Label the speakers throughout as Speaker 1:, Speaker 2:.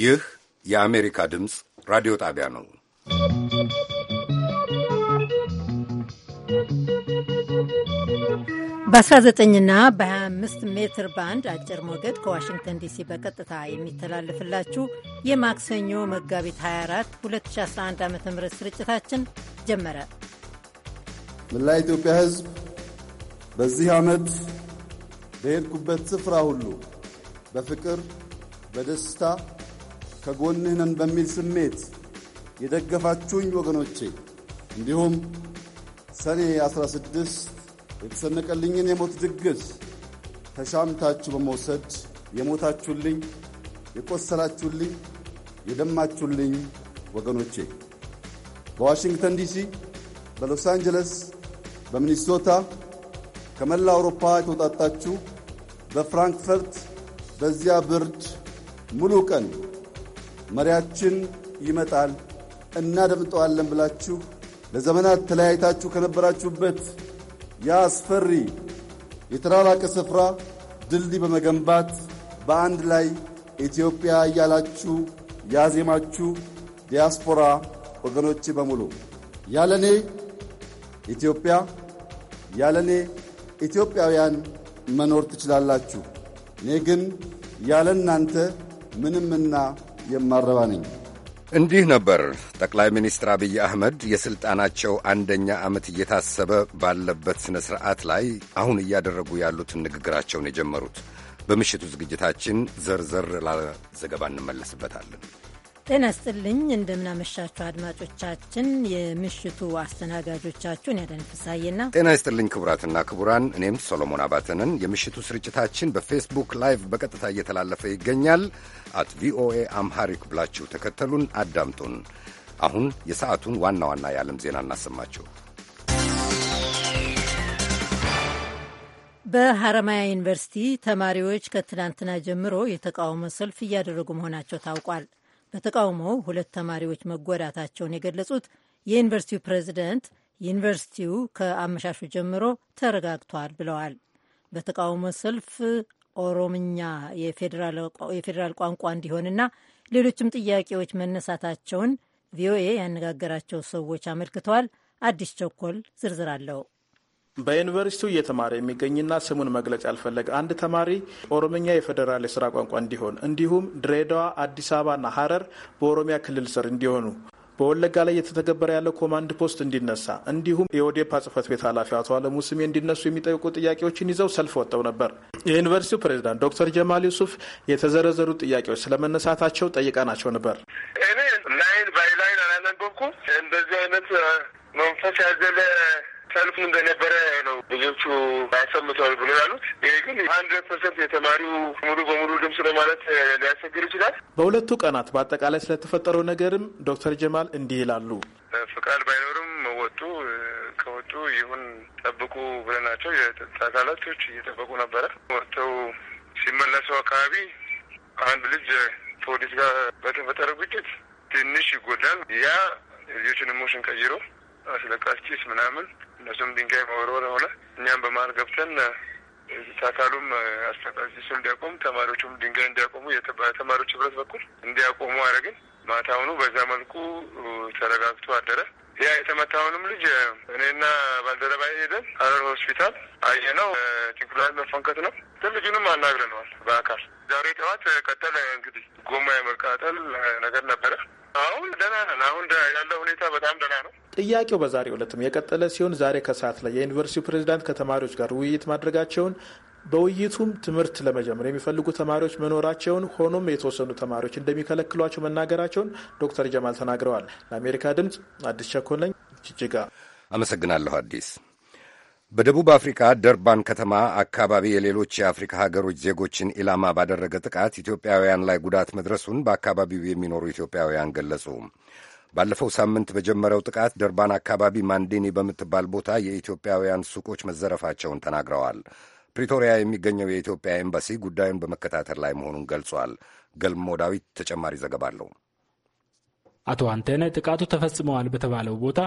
Speaker 1: ይህ የአሜሪካ ድምፅ ራዲዮ ጣቢያ ነው።
Speaker 2: በ19ና በ25 ሜትር ባንድ አጭር ሞገድ ከዋሽንግተን ዲሲ በቀጥታ የሚተላለፍላችሁ የማክሰኞ መጋቢት 24 2011 ዓ ም ስርጭታችን ጀመረ።
Speaker 3: መላ ኢትዮጵያ ሕዝብ በዚህ ዓመት በሄድኩበት ስፍራ ሁሉ በፍቅር በደስታ ከጎንህ ነን በሚል ስሜት የደገፋችሁኝ ወገኖቼ እንዲሁም ሰኔ 16 የተሰነቀልኝን የሞት ድግስ ተሻምታችሁ በመውሰድ የሞታችሁልኝ፣ የቆሰላችሁልኝ፣ የደማችሁልኝ ወገኖቼ በዋሽንግተን ዲሲ፣ በሎስ አንጀለስ፣ በሚኒሶታ ከመላ አውሮፓ የተውጣጣችሁ በፍራንክፈርት በዚያ ብርድ ሙሉ ቀን መሪያችን ይመጣል እናደምጠዋለን ብላችሁ ለዘመናት ተለያይታችሁ ከነበራችሁበት የአስፈሪ የተራራቀ ስፍራ ድልድይ በመገንባት በአንድ ላይ ኢትዮጵያ እያላችሁ ያዜማችሁ ዲያስፖራ ወገኖች በሙሉ ያለኔ ኢትዮጵያ ያለኔ ኢትዮጵያውያን መኖር ትችላላችሁ። እኔ ግን ያለ እናንተ ምንምና የማረባ ነኝ።
Speaker 1: እንዲህ ነበር ጠቅላይ ሚኒስትር አብይ አህመድ የሥልጣናቸው አንደኛ ዓመት እየታሰበ ባለበት ሥነ ሥርዓት ላይ አሁን እያደረጉ ያሉትን ንግግራቸውን የጀመሩት። በምሽቱ ዝግጅታችን ዘርዘር ላለ ዘገባ እንመለስበታለን።
Speaker 2: ጤና ስጥልኝ እንደምናመሻችሁ አድማጮቻችን። የምሽቱ አስተናጋጆቻችሁን ያዳነ ፍሳዬና ጤና
Speaker 1: ይስጥልኝ ክቡራትና ክቡራን፣ እኔም ሶሎሞን አባተንን። የምሽቱ ስርጭታችን በፌስቡክ ላይቭ በቀጥታ እየተላለፈ ይገኛል። አት ቪኦኤ አምሃሪክ ብላችሁ ተከተሉን፣ አዳምጡን። አሁን የሰዓቱን ዋና ዋና የዓለም ዜና እናሰማችሁ።
Speaker 2: በሐረማያ ዩኒቨርሲቲ ተማሪዎች ከትናንትና ጀምሮ የተቃውሞ ሰልፍ እያደረጉ መሆናቸው ታውቋል። በተቃውሞው ሁለት ተማሪዎች መጎዳታቸውን የገለጹት የዩኒቨርሲቲው ፕሬዚደንት ዩኒቨርሲቲው ከአመሻሹ ጀምሮ ተረጋግቷል ብለዋል። በተቃውሞ ሰልፍ ኦሮምኛ የፌዴራል ቋንቋ እንዲሆንና ሌሎችም ጥያቄዎች መነሳታቸውን ቪኦኤ ያነጋገራቸው ሰዎች አመልክተዋል። አዲስ ቸኮል ዝርዝር አለው።
Speaker 4: በዩኒቨርሲቲው እየተማረ የሚገኝና ስሙን መግለጽ ያልፈለገ አንድ ተማሪ ኦሮምኛ የፌዴራል የስራ ቋንቋ እንዲሆን እንዲሁም ድሬዳዋ፣ አዲስ አበባና ሀረር በኦሮሚያ ክልል ስር እንዲሆኑ በወለጋ ላይ እየተተገበረ ያለው ኮማንድ ፖስት እንዲነሳ እንዲሁም የኦዴፓ ጽህፈት ቤት ኃላፊ አቶ አለሙ ስሜ እንዲነሱ የሚጠይቁ ጥያቄዎችን ይዘው ሰልፍ ወጥተው ነበር። የዩኒቨርሲቲው ፕሬዚዳንት ዶክተር ጀማል ዩሱፍ የተዘረዘሩ ጥያቄዎች ስለመነሳታቸው ጠይቀናቸው ነበር። እኔ
Speaker 5: ላይን ባይ ላይን አላነበብኩም። እንደዚህ አይነት መንፈስ ያዘለ ሰልፍ እንደነበረ ነው ልጆቹ ያሰምተዋል ብሎ ያሉት። ይሄ ግን ሀንድረድ ፐርሰንት የተማሪው ሙሉ በሙሉ ድምፅ ነው
Speaker 4: ማለት ሊያስቸግር ይችላል። በሁለቱ ቀናት በአጠቃላይ ስለተፈጠረው ነገርም ዶክተር ጀማል እንዲህ ይላሉ።
Speaker 6: ፍቃድ ባይኖርም ወጡ ከወጡ ይሁን ጠብቁ
Speaker 5: ብለናቸው የጸጥታ አካላቶች እየጠበቁ ነበረ። ወጥተው ሲመለሱ አካባቢ አንድ ልጅ ፖሊስ ጋር በተፈጠረ ግጭት ትንሽ ይጎዳል። ያ ልጆችን ሞሽን ቀይሮ አስለቃሽ ጭስ ምናምን እነሱም ድንጋይ መወርወር ሆነ። እኛም በመሀል ገብተን ታካሉም አስጠቃቂሱ እንዲያቆም ተማሪዎቹም ድንጋይ እንዲያቆሙ ተማሪዎች ህብረት በኩል እንዲያቆሙ አደረግን። ማታውኑ በዛ መልኩ ተረጋግቶ አደረ። ያ የተመታውንም ልጅ እኔና ባልደረባ ሄደን አረር ሆስፒታል አየ ነው ጭንቅላት መፈንከት ነው። ልጁንም አናግረነዋል በአካል ዛሬ ጠዋት ቀጠለ። እንግዲህ ጎማ የመቃጠል ነገር ነበረ። አሁን ደህና ነን። አሁን ያለው ሁኔታ በጣም
Speaker 4: ደህና ነው። ጥያቄው በዛሬ ዕለትም የቀጠለ ሲሆን ዛሬ ከሰዓት ላይ የዩኒቨርሲቲው ፕሬዚዳንት ከተማሪዎች ጋር ውይይት ማድረጋቸውን በውይይቱም ትምህርት ለመጀመር የሚፈልጉ ተማሪዎች መኖራቸውን ሆኖም የተወሰኑ ተማሪዎች እንደሚከለክሏቸው መናገራቸውን ዶክተር ጀማል ተናግረዋል። ለአሜሪካ ድምፅ አዲስ ቸኮለኝ ጅጅጋ
Speaker 1: አመሰግናለሁ። አዲስ በደቡብ አፍሪካ ደርባን ከተማ አካባቢ የሌሎች የአፍሪካ ሀገሮች ዜጎችን ኢላማ ባደረገ ጥቃት ኢትዮጵያውያን ላይ ጉዳት መድረሱን በአካባቢው የሚኖሩ ኢትዮጵያውያን ገለጹ። ባለፈው ሳምንት በጀመረው ጥቃት ደርባን አካባቢ ማንዲኒ በምትባል ቦታ የኢትዮጵያውያን ሱቆች መዘረፋቸውን ተናግረዋል። ፕሪቶሪያ የሚገኘው የኢትዮጵያ ኤምባሲ ጉዳዩን በመከታተል ላይ መሆኑን ገልጿል። ገልሞ ዳዊት ተጨማሪ ዘገባ አለው።
Speaker 7: አቶ አንተነ ጥቃቱ ተፈጽመዋል በተባለው ቦታ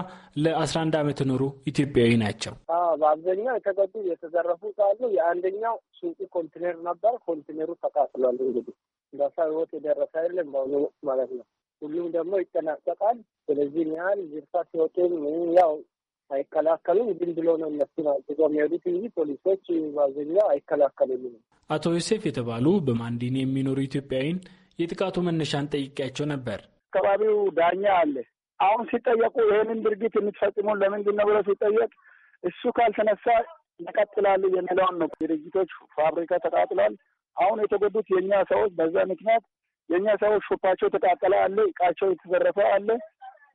Speaker 7: ለ11 ዓመት የኖሩ ኢትዮጵያዊ ናቸው።
Speaker 8: በአብዛኛው የተገዱ
Speaker 5: የተዘረፉ ካሉ የአንደኛው ሱቂ ኮንቴነር ነበር። ኮንቴነሩ ተቃጥሏል። እንግዲህ በሳ ህይወት የደረሰ አይደለም በአሁኑ ወቅት ማለት ነው። ሁሉም ደግሞ ይጠናቀቃል። ስለዚህ ያህል ዝርፋ ሲወጡም ያው አይከላከሉም። ዝም ብሎ ነው እነሱ ናቸው የሚሄዱት እንጂ ፖሊሶች በአብዛኛው አይከላከሉም።
Speaker 7: አቶ ዮሴፍ የተባሉ በማንዲን የሚኖሩ ኢትዮጵያዊን የጥቃቱ መነሻን ጠይቄያቸው ነበር።
Speaker 5: አካባቢው ዳኛ አለ። አሁን
Speaker 9: ሲጠየቁ ይህንን ድርጊት የምትፈጽሙን ለምንድን ነው ብለው ሲጠየቅ እሱ ካልተነሳ ይቀጥላል የሚለውን ነው። ድርጅቶች ፋብሪካ ተቃጥሏል። አሁን የተጎዱት የእኛ ሰዎች በዛ ምክንያት የእኛ ሰዎች ሹፓቸው ተቃጠለ አለ፣ እቃቸው የተዘረፈ አለ።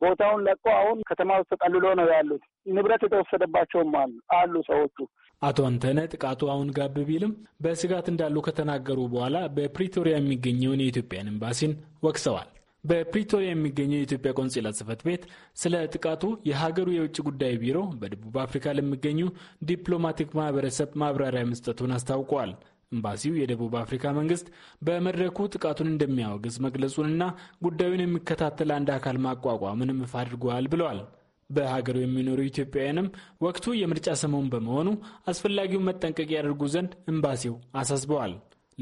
Speaker 9: ቦታውን ለቆ አሁን ከተማ ውስጥ ተጠልሎ ነው ያሉት። ንብረት የተወሰደባቸውም አሉ ሰዎቹ።
Speaker 7: አቶ አንተነ ጥቃቱ አሁን ጋብ ቢልም በስጋት እንዳሉ ከተናገሩ በኋላ በፕሪቶሪያ የሚገኘውን የኢትዮጵያን ኤምባሲን ወቅሰዋል። በፕሪቶሪያ የሚገኘው የኢትዮጵያ ቆንጽላ ጽህፈት ቤት ስለ ጥቃቱ የሀገሩ የውጭ ጉዳይ ቢሮ በደቡብ አፍሪካ ለሚገኙ ዲፕሎማቲክ ማህበረሰብ ማብራሪያ መስጠቱን አስታውቋል። ኤምባሲው የደቡብ አፍሪካ መንግስት በመድረኩ ጥቃቱን እንደሚያወግዝ መግለጹንና ጉዳዩን የሚከታተል አንድ አካል ማቋቋምን ይፋ አድርጓል ብለዋል። በሀገሩ የሚኖሩ ኢትዮጵያውያንም ወቅቱ የምርጫ ሰሞን በመሆኑ አስፈላጊውን መጠንቀቅ ያደርጉ ዘንድ ኤምባሲው አሳስበዋል።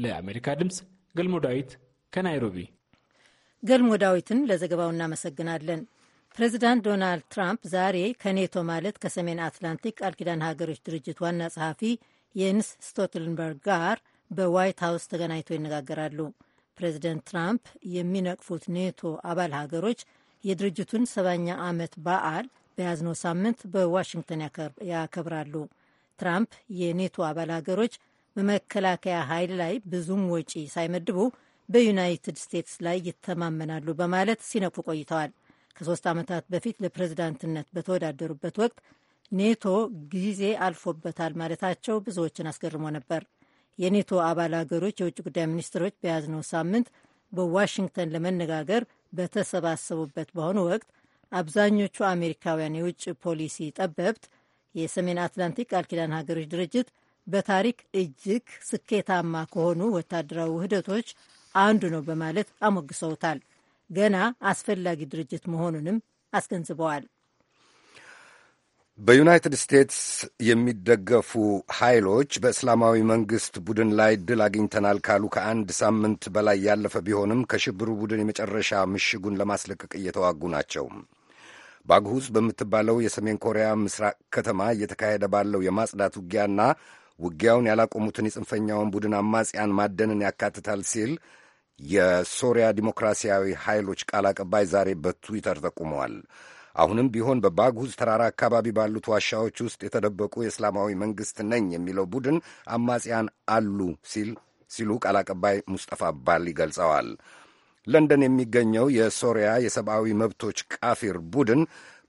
Speaker 7: ለአሜሪካ ድምፅ ገልሞ ዳዊት ከናይሮቢ
Speaker 2: ገልሞ ዳዊትን ለዘገባው እናመሰግናለን። ፕሬዚዳንት ዶናልድ ትራምፕ ዛሬ ከኔቶ ማለት ከሰሜን አትላንቲክ ቃል ኪዳን ሀገሮች ድርጅት ዋና ጸሐፊ የንስ ስቶልተንበርግ ጋር በዋይት ሀውስ ተገናኝተው ይነጋገራሉ። ፕሬዚደንት ትራምፕ የሚነቅፉት ኔቶ አባል ሀገሮች የድርጅቱን ሰባኛ ዓመት በዓል በያዝነው ሳምንት በዋሽንግተን ያከብራሉ። ትራምፕ የኔቶ አባል ሀገሮች በመከላከያ ኃይል ላይ ብዙም ወጪ ሳይመድቡ በዩናይትድ ስቴትስ ላይ ይተማመናሉ በማለት ሲነፉ ቆይተዋል። ከሶስት ዓመታት በፊት ለፕሬዝዳንትነት በተወዳደሩበት ወቅት ኔቶ ጊዜ አልፎበታል ማለታቸው ብዙዎችን አስገርሞ ነበር። የኔቶ አባል ሀገሮች የውጭ ጉዳይ ሚኒስትሮች በያዝነው ሳምንት በዋሽንግተን ለመነጋገር በተሰባሰቡበት በአሁኑ ወቅት አብዛኞቹ አሜሪካውያን የውጭ ፖሊሲ ጠበብት የሰሜን አትላንቲክ ቃል ኪዳን ሀገሮች ድርጅት በታሪክ እጅግ ስኬታማ ከሆኑ ወታደራዊ ውህደቶች አንዱ ነው በማለት አሞግሰውታል። ገና አስፈላጊ ድርጅት መሆኑንም አስገንዝበዋል።
Speaker 1: በዩናይትድ ስቴትስ የሚደገፉ ኃይሎች በእስላማዊ መንግሥት ቡድን ላይ ድል አግኝተናል ካሉ ከአንድ ሳምንት በላይ ያለፈ ቢሆንም ከሽብሩ ቡድን የመጨረሻ ምሽጉን ለማስለቀቅ እየተዋጉ ናቸው። ባግሁስ በምትባለው የሰሜን ኮሪያ ምስራቅ ከተማ እየተካሄደ ባለው የማጽዳት ውጊያና ውጊያውን ያላቆሙትን የጽንፈኛውን ቡድን አማጽያን ማደንን ያካትታል ሲል የሶሪያ ዲሞክራሲያዊ ኃይሎች ቃል አቀባይ ዛሬ በትዊተር ጠቁመዋል። አሁንም ቢሆን በባጉዝ ተራራ አካባቢ ባሉት ዋሻዎች ውስጥ የተደበቁ የእስላማዊ መንግሥት ነኝ የሚለው ቡድን አማጽያን አሉ ሲል ሲሉ ቃል አቀባይ ሙስጠፋ ባሊ ገልጸዋል። ለንደን የሚገኘው የሶሪያ የሰብአዊ መብቶች ቃፊር ቡድን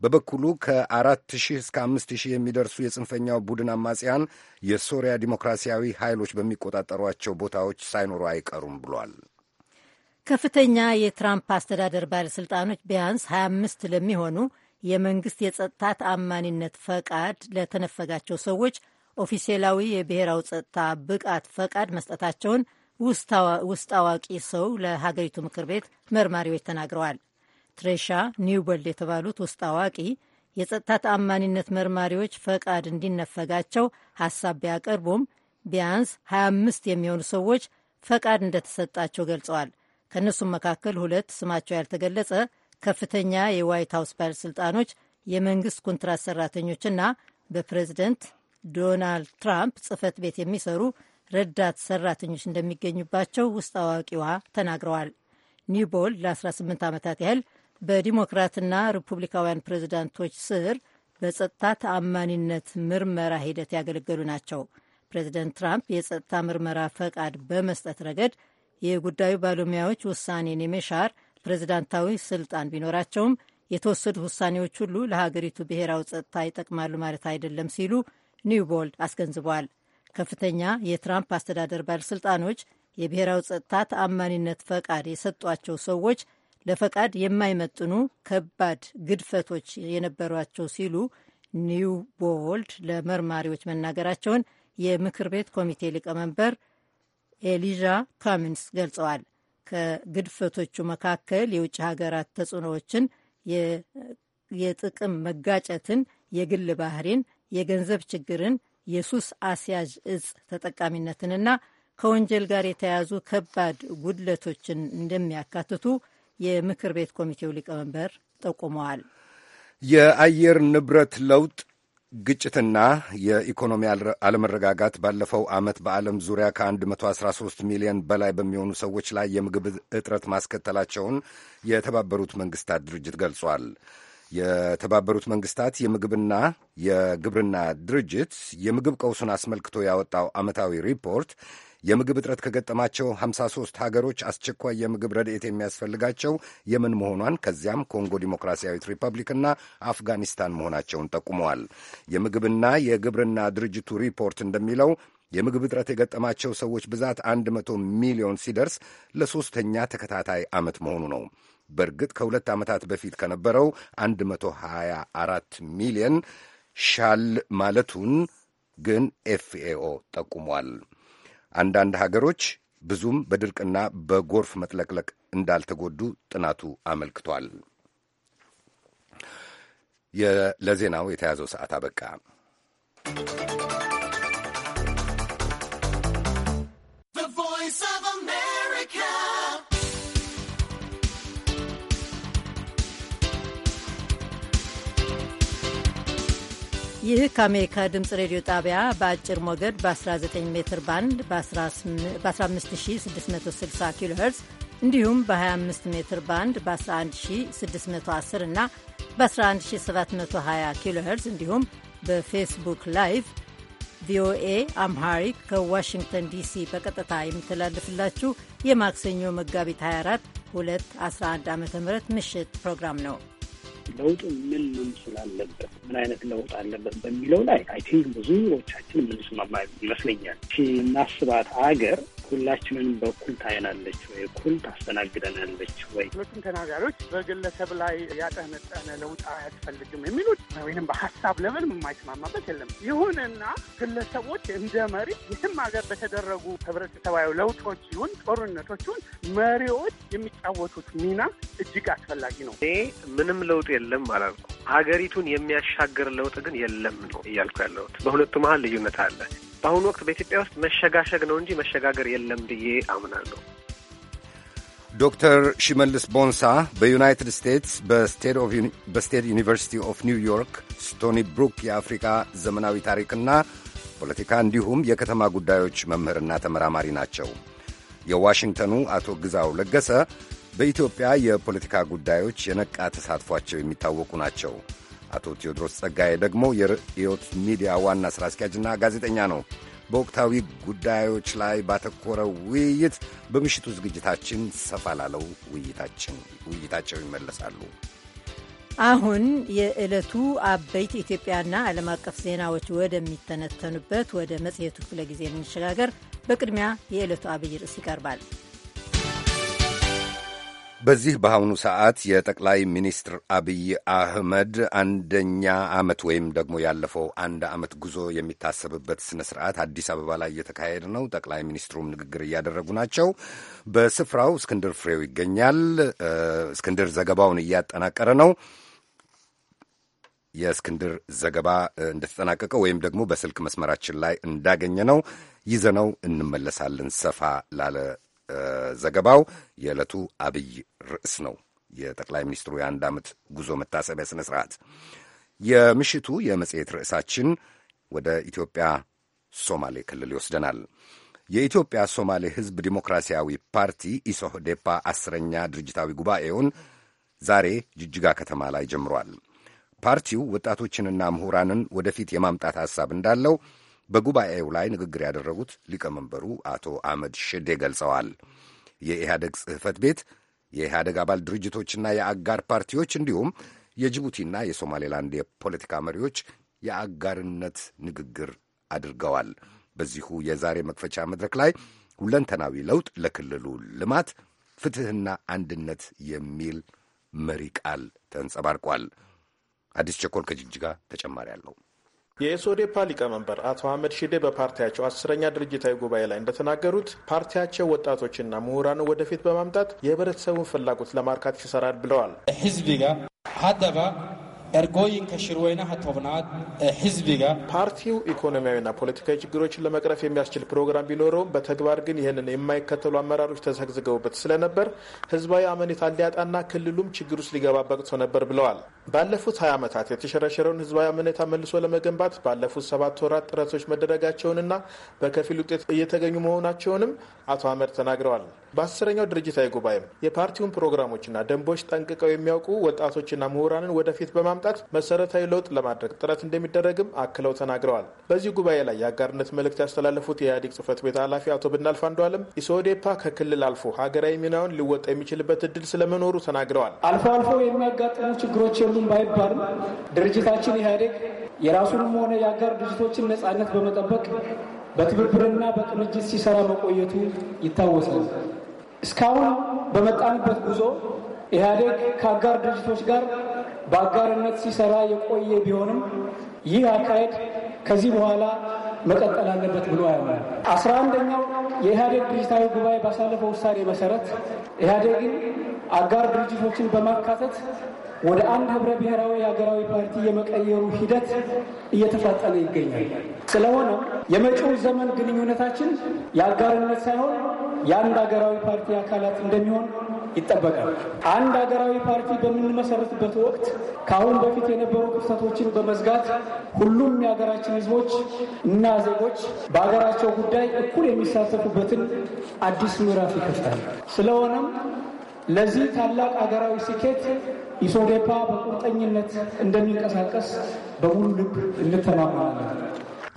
Speaker 1: በበኩሉ ከአራት ሺህ እስከ አምስት ሺህ የሚደርሱ የጽንፈኛው ቡድን አማጽያን የሶሪያ ዲሞክራሲያዊ ኃይሎች በሚቆጣጠሯቸው ቦታዎች ሳይኖሩ አይቀሩም ብሏል።
Speaker 2: ከፍተኛ የትራምፕ አስተዳደር ባለሥልጣኖች ቢያንስ 25 ለሚሆኑ የመንግሥት የጸጥታ ተአማኒነት ፈቃድ ለተነፈጋቸው ሰዎች ኦፊሴላዊ የብሔራዊ ጸጥታ ብቃት ፈቃድ መስጠታቸውን ውስጥ አዋቂ ሰው ለሀገሪቱ ምክር ቤት መርማሪዎች ተናግረዋል። ትሬሻ ኒውበልድ የተባሉት ውስጥ አዋቂ የጸጥታ ተአማኒነት መርማሪዎች ፈቃድ እንዲነፈጋቸው ሀሳብ ቢያቀርቡም ቢያንስ 25 የሚሆኑ ሰዎች ፈቃድ እንደተሰጣቸው ገልጸዋል። ከእነሱም መካከል ሁለት ስማቸው ያልተገለጸ ከፍተኛ የዋይት ሀውስ ባለሥልጣኖች፣ የመንግሥት ኮንትራት ሠራተኞችና በፕሬዝደንት ዶናልድ ትራምፕ ጽህፈት ቤት የሚሰሩ ረዳት ሰራተኞች እንደሚገኙባቸው ውስጥ አዋቂዋ ተናግረዋል። ኒውቦል ለ18 ዓመታት ያህል በዲሞክራትና ሪፑብሊካውያን ፕሬዚዳንቶች ስር በጸጥታ ተአማኒነት ምርመራ ሂደት ያገለገሉ ናቸው። ፕሬዚደንት ትራምፕ የጸጥታ ምርመራ ፈቃድ በመስጠት ረገድ የጉዳዩ ባለሙያዎች ውሳኔን የመሻር ፕሬዝዳንታዊ ስልጣን ቢኖራቸውም የተወሰዱ ውሳኔዎች ሁሉ ለሀገሪቱ ብሔራዊ ጸጥታ ይጠቅማሉ ማለት አይደለም ሲሉ ኒውቦልድ አስገንዝበዋል። ከፍተኛ የትራምፕ አስተዳደር ባለሥልጣኖች የብሔራዊ ጸጥታ ተአማኒነት ፈቃድ የሰጧቸው ሰዎች ለፈቃድ የማይመጥኑ ከባድ ግድፈቶች የነበሯቸው ሲሉ ኒውቦልድ ለመርማሪዎች መናገራቸውን የምክር ቤት ኮሚቴ ሊቀመንበር ኤሊዣ ካሚንስ ገልጸዋል። ከግድፈቶቹ መካከል የውጭ ሀገራት ተጽዕኖዎችን፣ የጥቅም መጋጨትን፣ የግል ባህሪን፣ የገንዘብ ችግርን፣ የሱስ አስያዥ እጽ ተጠቃሚነትንና ከወንጀል ጋር የተያያዙ ከባድ ጉድለቶችን እንደሚያካትቱ የምክር ቤት ኮሚቴው ሊቀመንበር ጠቁመዋል።
Speaker 1: የአየር ንብረት ለውጥ ግጭትና የኢኮኖሚ አለመረጋጋት ባለፈው ዓመት በዓለም ዙሪያ ከ113 ሚሊዮን በላይ በሚሆኑ ሰዎች ላይ የምግብ እጥረት ማስከተላቸውን የተባበሩት መንግስታት ድርጅት ገልጿል። የተባበሩት መንግስታት የምግብና የግብርና ድርጅት የምግብ ቀውሱን አስመልክቶ ያወጣው ዓመታዊ ሪፖርት የምግብ እጥረት ከገጠማቸው 53 ሀገሮች አስቸኳይ የምግብ ረድኤት የሚያስፈልጋቸው የመን መሆኗን ከዚያም ኮንጎ ዲሞክራሲያዊት ሪፐብሊክና አፍጋኒስታን መሆናቸውን ጠቁመዋል። የምግብና የግብርና ድርጅቱ ሪፖርት እንደሚለው የምግብ እጥረት የገጠማቸው ሰዎች ብዛት 100 ሚሊዮን ሲደርስ ለሦስተኛ ተከታታይ ዓመት መሆኑ ነው። በእርግጥ ከሁለት ዓመታት በፊት ከነበረው 124 ሚሊዮን ሻል ማለቱን ግን ኤፍኤኦ ጠቁሟል። አንዳንድ ሀገሮች ብዙም በድርቅና በጎርፍ መጥለቅለቅ እንዳልተጎዱ ጥናቱ አመልክቷል። ለዜናው የተያዘው ሰዓት አበቃ።
Speaker 2: ይህ ከአሜሪካ ድምፅ ሬዲዮ ጣቢያ በአጭር ሞገድ በ19 ሜትር ባንድ በ15660 ኪሎ ሄርዝ እንዲሁም በ25 ሜትር ባንድ በ11610 እና በ11720 ኪሎ ሄርዝ እንዲሁም በፌስቡክ ላይቭ ቪኦኤ አምሃሪክ ከዋሽንግተን ዲሲ በቀጥታ የሚተላለፍላችሁ የማክሰኞ መጋቢት 24 2011 ዓ ም ምሽት ፕሮግራም ነው።
Speaker 7: ለውጡ
Speaker 9: ምን መምሰል አለበት፣ ምን አይነት ለውጥ አለበት በሚለው ላይ አይ ቲንክ ብዙዎቻችን የምንስማማ
Speaker 10: ይመስለኛል። እናስባት አገር ሁላችንንም በኩል ታይናለች ወይ? እኩል ታስተናግደናለች ወይ?
Speaker 11: ሁለቱም ተናጋሪዎች በግለሰብ ላይ ያጠነጠነ ለውጥ አያስፈልግም የሚሉት ወይም በሀሳብ ለምን የማይስማማበት የለም። ይሁንና ግለሰቦች እንደ መሪ የትም ሀገር በተደረጉ ህብረተሰባዊ ለውጦች ይሁን ጦርነቶች ይሁን መሪዎች የሚጫወቱት ሚና እጅግ አስፈላጊ ነው።
Speaker 10: እኔ ምንም ለውጥ የለም አላልኩ።
Speaker 8: ሀገሪቱን የሚያሻገር ለውጥ ግን የለም ነው እያልኩ ያለሁት። በሁለቱ መሀል ልዩነት አለ። በአሁኑ ወቅት በኢትዮጵያ ውስጥ መሸጋሸግ ነው እንጂ መሸጋገር የለም ብዬ አምናለሁ።
Speaker 1: ዶክተር ሽመልስ ቦንሳ በዩናይትድ ስቴትስ በስቴት ዩኒቨርሲቲ ኦፍ ኒውዮርክ ስቶኒ ብሩክ የአፍሪካ ዘመናዊ ታሪክና ፖለቲካ እንዲሁም የከተማ ጉዳዮች መምህርና ተመራማሪ ናቸው። የዋሽንግተኑ አቶ ግዛው ለገሰ በኢትዮጵያ የፖለቲካ ጉዳዮች የነቃ ተሳትፏቸው የሚታወቁ ናቸው። አቶ ቴዎድሮስ ጸጋዬ ደግሞ የርዕዮት ሚዲያ ዋና ሥራ አስኪያጅና ጋዜጠኛ ነው። በወቅታዊ ጉዳዮች ላይ ባተኮረው ውይይት በምሽቱ ዝግጅታችን ሰፋ ላለው ውይይታችን ውይይታቸው ይመለሳሉ።
Speaker 2: አሁን የዕለቱ አበይት ኢትዮጵያና ዓለም አቀፍ ዜናዎች ወደሚተነተኑበት ወደ መጽሔቱ ክፍለ ጊዜ እንሸጋገር። በቅድሚያ የዕለቱ አብይ ርዕስ ይቀርባል።
Speaker 1: በዚህ በአሁኑ ሰዓት የጠቅላይ ሚኒስትር አብይ አህመድ አንደኛ ዓመት ወይም ደግሞ ያለፈው አንድ ዓመት ጉዞ የሚታሰብበት ስነ ስርዓት አዲስ አበባ ላይ እየተካሄደ ነው። ጠቅላይ ሚኒስትሩም ንግግር እያደረጉ ናቸው። በስፍራው እስክንድር ፍሬው ይገኛል። እስክንድር ዘገባውን እያጠናቀረ ነው። የእስክንድር ዘገባ እንደተጠናቀቀ ወይም ደግሞ በስልክ መስመራችን ላይ እንዳገኘ ነው ይዘነው እንመለሳለን ሰፋ ላለ ዘገባው የዕለቱ አብይ ርዕስ ነው። የጠቅላይ ሚኒስትሩ የአንድ ዓመት ጉዞ መታሰቢያ ስነ ስርዓት የምሽቱ የመጽሔት ርዕሳችን ወደ ኢትዮጵያ ሶማሌ ክልል ይወስደናል። የኢትዮጵያ ሶማሌ ሕዝብ ዲሞክራሲያዊ ፓርቲ ኢሶህዴፓ አስረኛ ድርጅታዊ ጉባኤውን ዛሬ ጅጅጋ ከተማ ላይ ጀምሯል። ፓርቲው ወጣቶችንና ምሁራንን ወደፊት የማምጣት ሐሳብ እንዳለው በጉባኤው ላይ ንግግር ያደረጉት ሊቀመንበሩ አቶ አህመድ ሽዴ ገልጸዋል። የኢህአደግ ጽህፈት ቤት የኢህአደግ አባል ድርጅቶችና የአጋር ፓርቲዎች እንዲሁም የጅቡቲና የሶማሌላንድ የፖለቲካ መሪዎች የአጋርነት ንግግር አድርገዋል። በዚሁ የዛሬ መክፈቻ መድረክ ላይ ሁለንተናዊ ለውጥ ለክልሉ ልማት፣ ፍትህና አንድነት የሚል መሪ ቃል ተንጸባርቋል። አዲስ ቸኮል ከጅግጅጋ ተጨማሪ አለው።
Speaker 4: የኤስኦዴፓ ሊቀመንበር አቶ አህመድ ሺዴ በፓርቲያቸው አስረኛ ድርጅታዊ ጉባኤ ላይ እንደተናገሩት ፓርቲያቸው ወጣቶችና ምሁራን ወደፊት በማምጣት የህብረተሰቡን ፍላጎት ለማርካት ይሰራል ብለዋል። ህዝቢ ጋር
Speaker 7: ኤርጎይን ከሽርወይና ሀቶብናት ህዝቢጋ
Speaker 4: ፓርቲው ኢኮኖሚያዊና ፖለቲካዊ ችግሮችን ለመቅረፍ የሚያስችል ፕሮግራም ቢኖረውም በተግባር ግን ይህንን የማይከተሉ አመራሮች ተዘግዝገውበት ስለነበር ህዝባዊ አመኔታ ሊያጣና ክልሉም ችግር ውስጥ ሊገባ በቅቶ ነበር ብለዋል። ባለፉት ሀያ ዓመታት የተሸረሸረውን ህዝባዊ አመኔታ መልሶ ለመገንባት ባለፉት ሰባት ወራት ጥረቶች መደረጋቸውንና በከፊል ውጤት እየተገኙ መሆናቸውንም አቶ አህመድ ተናግረዋል። በአስረኛው ድርጅታዊ ጉባኤም የፓርቲውን ፕሮግራሞችና ደንቦች ጠንቅቀው የሚያውቁ ወጣቶችና ምሁራንን ወደፊት በማምጣት መሰረታዊ ለውጥ ለማድረግ ጥረት እንደሚደረግም አክለው ተናግረዋል። በዚህ ጉባኤ ላይ የአጋርነት መልእክት ያስተላለፉት የኢህአዴግ ጽህፈት ቤት ኃላፊ አቶ ብናልፍ አንዱዓለም ኢሶዴፓ ከክልል አልፎ ሀገራዊ ሚናውን ሊወጣ የሚችልበት እድል ስለመኖሩ ተናግረዋል።
Speaker 8: አልፎ አልፎ የሚያጋጥሙ ችግሮች የሉም ባይባልም ድርጅታችን ኢህአዴግ የራሱንም ሆነ የአጋር ድርጅቶችን ነጻነት በመጠበቅ በትብብርና በቅንጅት ሲሰራ መቆየቱ ይታወሳል። እስካሁን በመጣንበት ጉዞ ኢህአዴግ ከአጋር ድርጅቶች ጋር በአጋርነት ሲሰራ የቆየ ቢሆንም ይህ አካሄድ ከዚህ በኋላ መቀጠል አለበት ብሎ አያምናል። አስራ አንደኛው የኢህአዴግ ድርጅታዊ ጉባኤ ባሳለፈው ውሳኔ መሰረት ኢህአዴግን አጋር ድርጅቶችን በማካተት ወደ አንድ ህብረ ብሔራዊ ሀገራዊ ፓርቲ የመቀየሩ ሂደት እየተፋጠነ ይገኛል። ስለሆነ የመጪው ዘመን ግንኙነታችን የአጋርነት ሳይሆን የአንድ ሀገራዊ ፓርቲ አካላት እንደሚሆን ይጠበቃል። አንድ ሀገራዊ ፓርቲ በምንመሰርትበት ወቅት ከአሁን በፊት የነበሩ ክፍተቶችን በመዝጋት ሁሉም የሀገራችን ሕዝቦች እና ዜጎች በሀገራቸው ጉዳይ እኩል የሚሳተፉበትን አዲስ ምዕራፍ ይከፍታል። ስለሆነም ለዚህ ታላቅ ሀገራዊ ስኬት ኢሶዴፓ በቁርጠኝነት እንደሚንቀሳቀስ በሙሉ ልብ እንተማመናለን።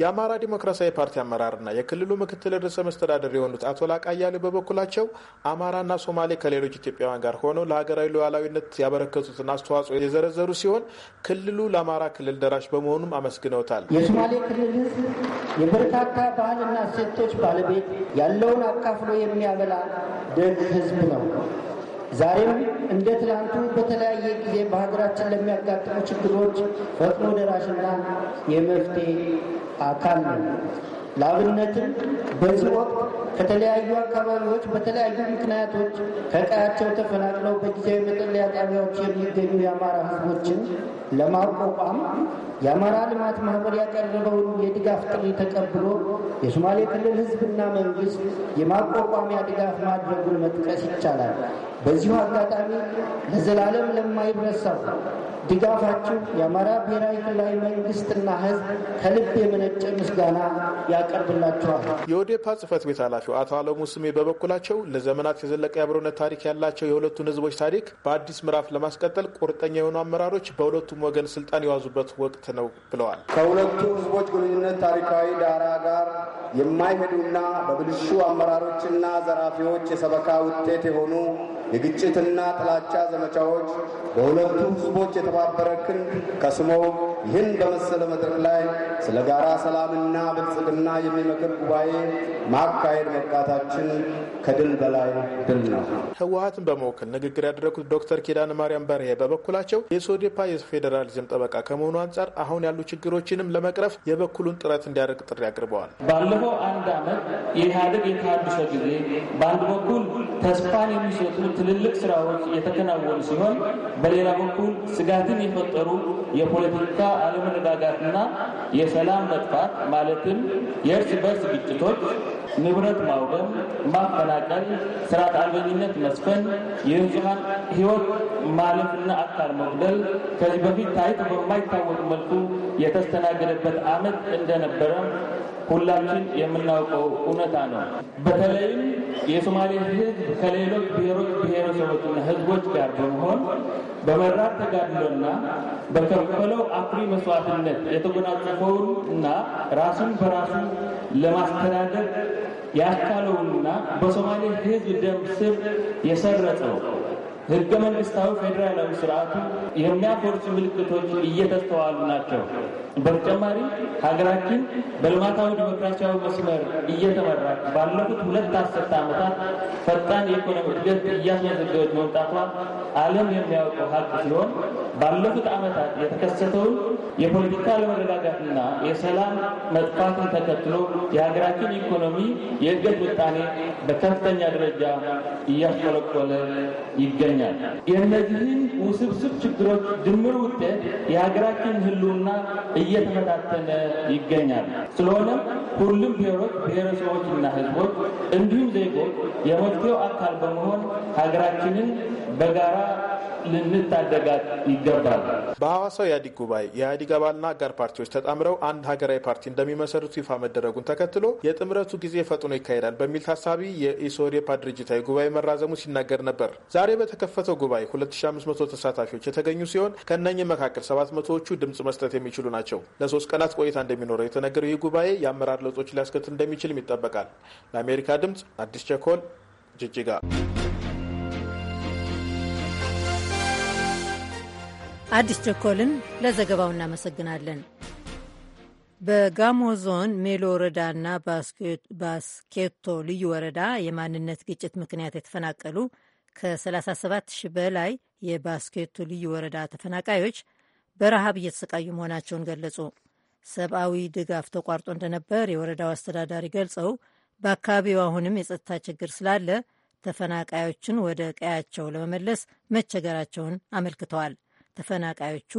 Speaker 4: የአማራ ዲሞክራሲያዊ ፓርቲ አመራርና የክልሉ ምክትል ርዕሰ መስተዳደር የሆኑት አቶ ላቃያሌ በበኩላቸው አማራና ሶማሌ ከሌሎች ኢትዮጵያውያን ጋር ሆነው ለሀገራዊ ሉዓላዊነት ያበረከቱትን አስተዋጽኦ የዘረዘሩ ሲሆን ክልሉ ለአማራ ክልል ደራሽ በመሆኑም አመስግነውታል። የሶማሌ ክልል ሕዝብ የበርካታ
Speaker 9: ባህልና እሴቶች ባለቤት ያለውን አካፍሎ የሚያበላ
Speaker 4: ደግ ሕዝብ
Speaker 5: ነው። ዛሬም
Speaker 9: እንደ ትላንቱ በተለያየ ጊዜ በሀገራችን ለሚያጋጥሙ ችግሮች ፈጥኖ ደራሽና የመፍትሄ አካል ነው።
Speaker 5: ለአብነትም
Speaker 9: በዚህ ወቅት ከተለያዩ አካባቢዎች በተለያዩ ምክንያቶች ከቀያቸው ተፈናቅለው በጊዜያዊ መጠለያ ጣቢያዎች የሚገኙ የአማራ ሕዝቦችን ለማቋቋም የአማራ ልማት ማህበር ያቀረበውን የድጋፍ ጥሪ ተቀብሎ የሶማሌ ክልል ሕዝብና መንግስት የማቋቋሚያ ድጋፍ ማድረጉን መጥቀስ ይቻላል። በዚሁ አጋጣሚ ለዘላለም
Speaker 5: ለማይረሳው
Speaker 9: ድጋፋችሁ የአማራ ብሔራዊ ክልላዊ መንግስትና ሕዝብ ከልብ የመነጨ ምስጋና
Speaker 4: ያቀርብላችኋል። የኦዴፓ ጽህፈት ቤት ኃላፊው አቶ አለሙ ስሜ በበኩላቸው ለዘመናት የዘለቀ የአብሮነት ታሪክ ያላቸው የሁለቱን ህዝቦች ታሪክ በአዲስ ምዕራፍ ለማስቀጠል ቁርጠኛ የሆኑ አመራሮች በሁለቱም ወገን ስልጣን የዋዙበት ወቅት ነው ብለዋል። ከሁለቱ
Speaker 3: ሕዝቦች ግንኙነት ታሪካዊ ዳራ ጋር የማይሄዱና በብልሹ አመራሮችና ዘራፊዎች የሰበካ ውጤት የሆኑ የግጭትና ጥላቻ ዘመቻዎች በሁለቱ ሕዝቦች የተባበረ ክንድ ከስሞ ይህን በመሰለ መድረክ ላይ ስለ ጋራ ሰላምና ብልጽግና የሚመክር ጉባኤ ማካሄድ መብቃታችን ከድል በላይ
Speaker 6: ድል
Speaker 5: ነው።
Speaker 4: ህወሀትን በመወከል ንግግር ያደረጉት ዶክተር ኪዳነ ማርያም በርሄ በበኩላቸው የሶዴፓ የፌዴራሊዝም ጠበቃ ከመሆኑ አንጻር አሁን ያሉ ችግሮችንም ለመቅረፍ የበኩሉን ጥረት እንዲያደርግ ጥሪ አቅርበዋል። ባለፈው
Speaker 12: አንድ ዓመት የኢህአዴግ የተሃድሶ ጊዜ በአንድ በኩል ተስፋን የሚሰጡ ትልልቅ ስራዎች የተከናወኑ ሲሆን በሌላ በኩል ስጋትን የፈጠሩ የፖለቲካ አለመረጋጋትና የሰላም መጥፋት ማለትም የእርስ በርስ ግጭቶች፣ ንብረት ማውደም፣ ማፈናቀል፣ ስርዓት አልበኝነት መስፈን፣ የንጹሐን ህይወት ማለፍና አካል መጉደል ከዚህ በፊት ታይቶ በማይታወቅ መልኩ የተስተናገደበት አመት እንደነበረ ሁላችን የምናውቀው እውነታ ነው። በተለይም የሶማሌ ህዝብ ከሌሎች ብሔሮች ብሔረሰቦችና ህዝቦች ጋር በመሆን በመራር ተጋድሎና በከፈለው አኩሪ መስዋዕትነት የተጎናጸፈውን እና ራሱን በራሱ ለማስተዳደር ያካለውንና በሶማሌ ሕዝብ ደም ስር የሰረጸው ህገ መንግስታዊ ፌዴራላዊ ስርዓቱ የሚያፈርሱ ምልክቶች እየተስተዋሉ ናቸው። በተጨማሪ ሀገራችን በልማታዊ ዲሞክራሲያዊ መስመር እየተመራ ባለፉት ሁለት አስርተ ዓመታት ፈጣን የኢኮኖሚ እድገት እያስመዘገበች መምጣቷ ዓለም የሚያውቀው ሀቅ ሲሆን ባለፉት ዓመታት የተከሰተውን የፖለቲካ አለመረጋጋትና የሰላም መጥፋትን ተከትሎ የሀገራችን ኢኮኖሚ የእድገት ምጣኔ በከፍተኛ ደረጃ እያሽቆለቆለ ይገኛል። የእነዚህን ውስብስብ ችግሮች ድምር ውጤት የሀገራችን ህልውና እየተፈታተነ ይገኛል። ስለሆነም ሁሉም ብሔሮች፣ ብሔረሰቦችና ህዝቦች እንዲሁም ዜጎች የመፍትሄው አካል በመሆን ሀገራችንን በጋራ ልንታደጋት ይገባል።
Speaker 4: በሐዋሳው የኢህአዴግ ጉባኤ የኢህአዴግ አባልና አጋር ፓርቲዎች ተጣምረው አንድ ሀገራዊ ፓርቲ እንደሚመሰርቱ ይፋ መደረጉን ተከትሎ የጥምረቱ ጊዜ ፈጥኖ ይካሄዳል በሚል ታሳቢ የኢሶሬፓ ድርጅታዊ ጉባኤ መራዘሙ ሲናገር ነበር። ዛሬ በተከፈተው ጉባኤ 2500 ተሳታፊዎች የተገኙ ሲሆን ከእነኝህ መካከል 700ዎቹ ድምፅ መስጠት የሚችሉ ናቸው። ለሶስት ቀናት ቆይታ እንደሚኖረው የተነገረው ይህ ጉባኤ የአመራር ለውጦች ሊያስከትል እንደሚችልም ይጠበቃል። ለአሜሪካ ድምፅ አዲስ ቸኮል ጅጅጋ
Speaker 2: አዲስ ቸኮልን ለዘገባው እናመሰግናለን። በጋሞ ዞን ሜሎ ወረዳና ባስኬቶ ልዩ ወረዳ የማንነት ግጭት ምክንያት የተፈናቀሉ ከ37 ሺህ በላይ የባስኬቶ ልዩ ወረዳ ተፈናቃዮች በረሃብ እየተሰቃዩ መሆናቸውን ገለጹ። ሰብአዊ ድጋፍ ተቋርጦ እንደነበር የወረዳው አስተዳዳሪ ገልጸው በአካባቢው አሁንም የጸጥታ ችግር ስላለ ተፈናቃዮችን ወደ ቀያቸው ለመመለስ መቸገራቸውን አመልክተዋል። ተፈናቃዮቹ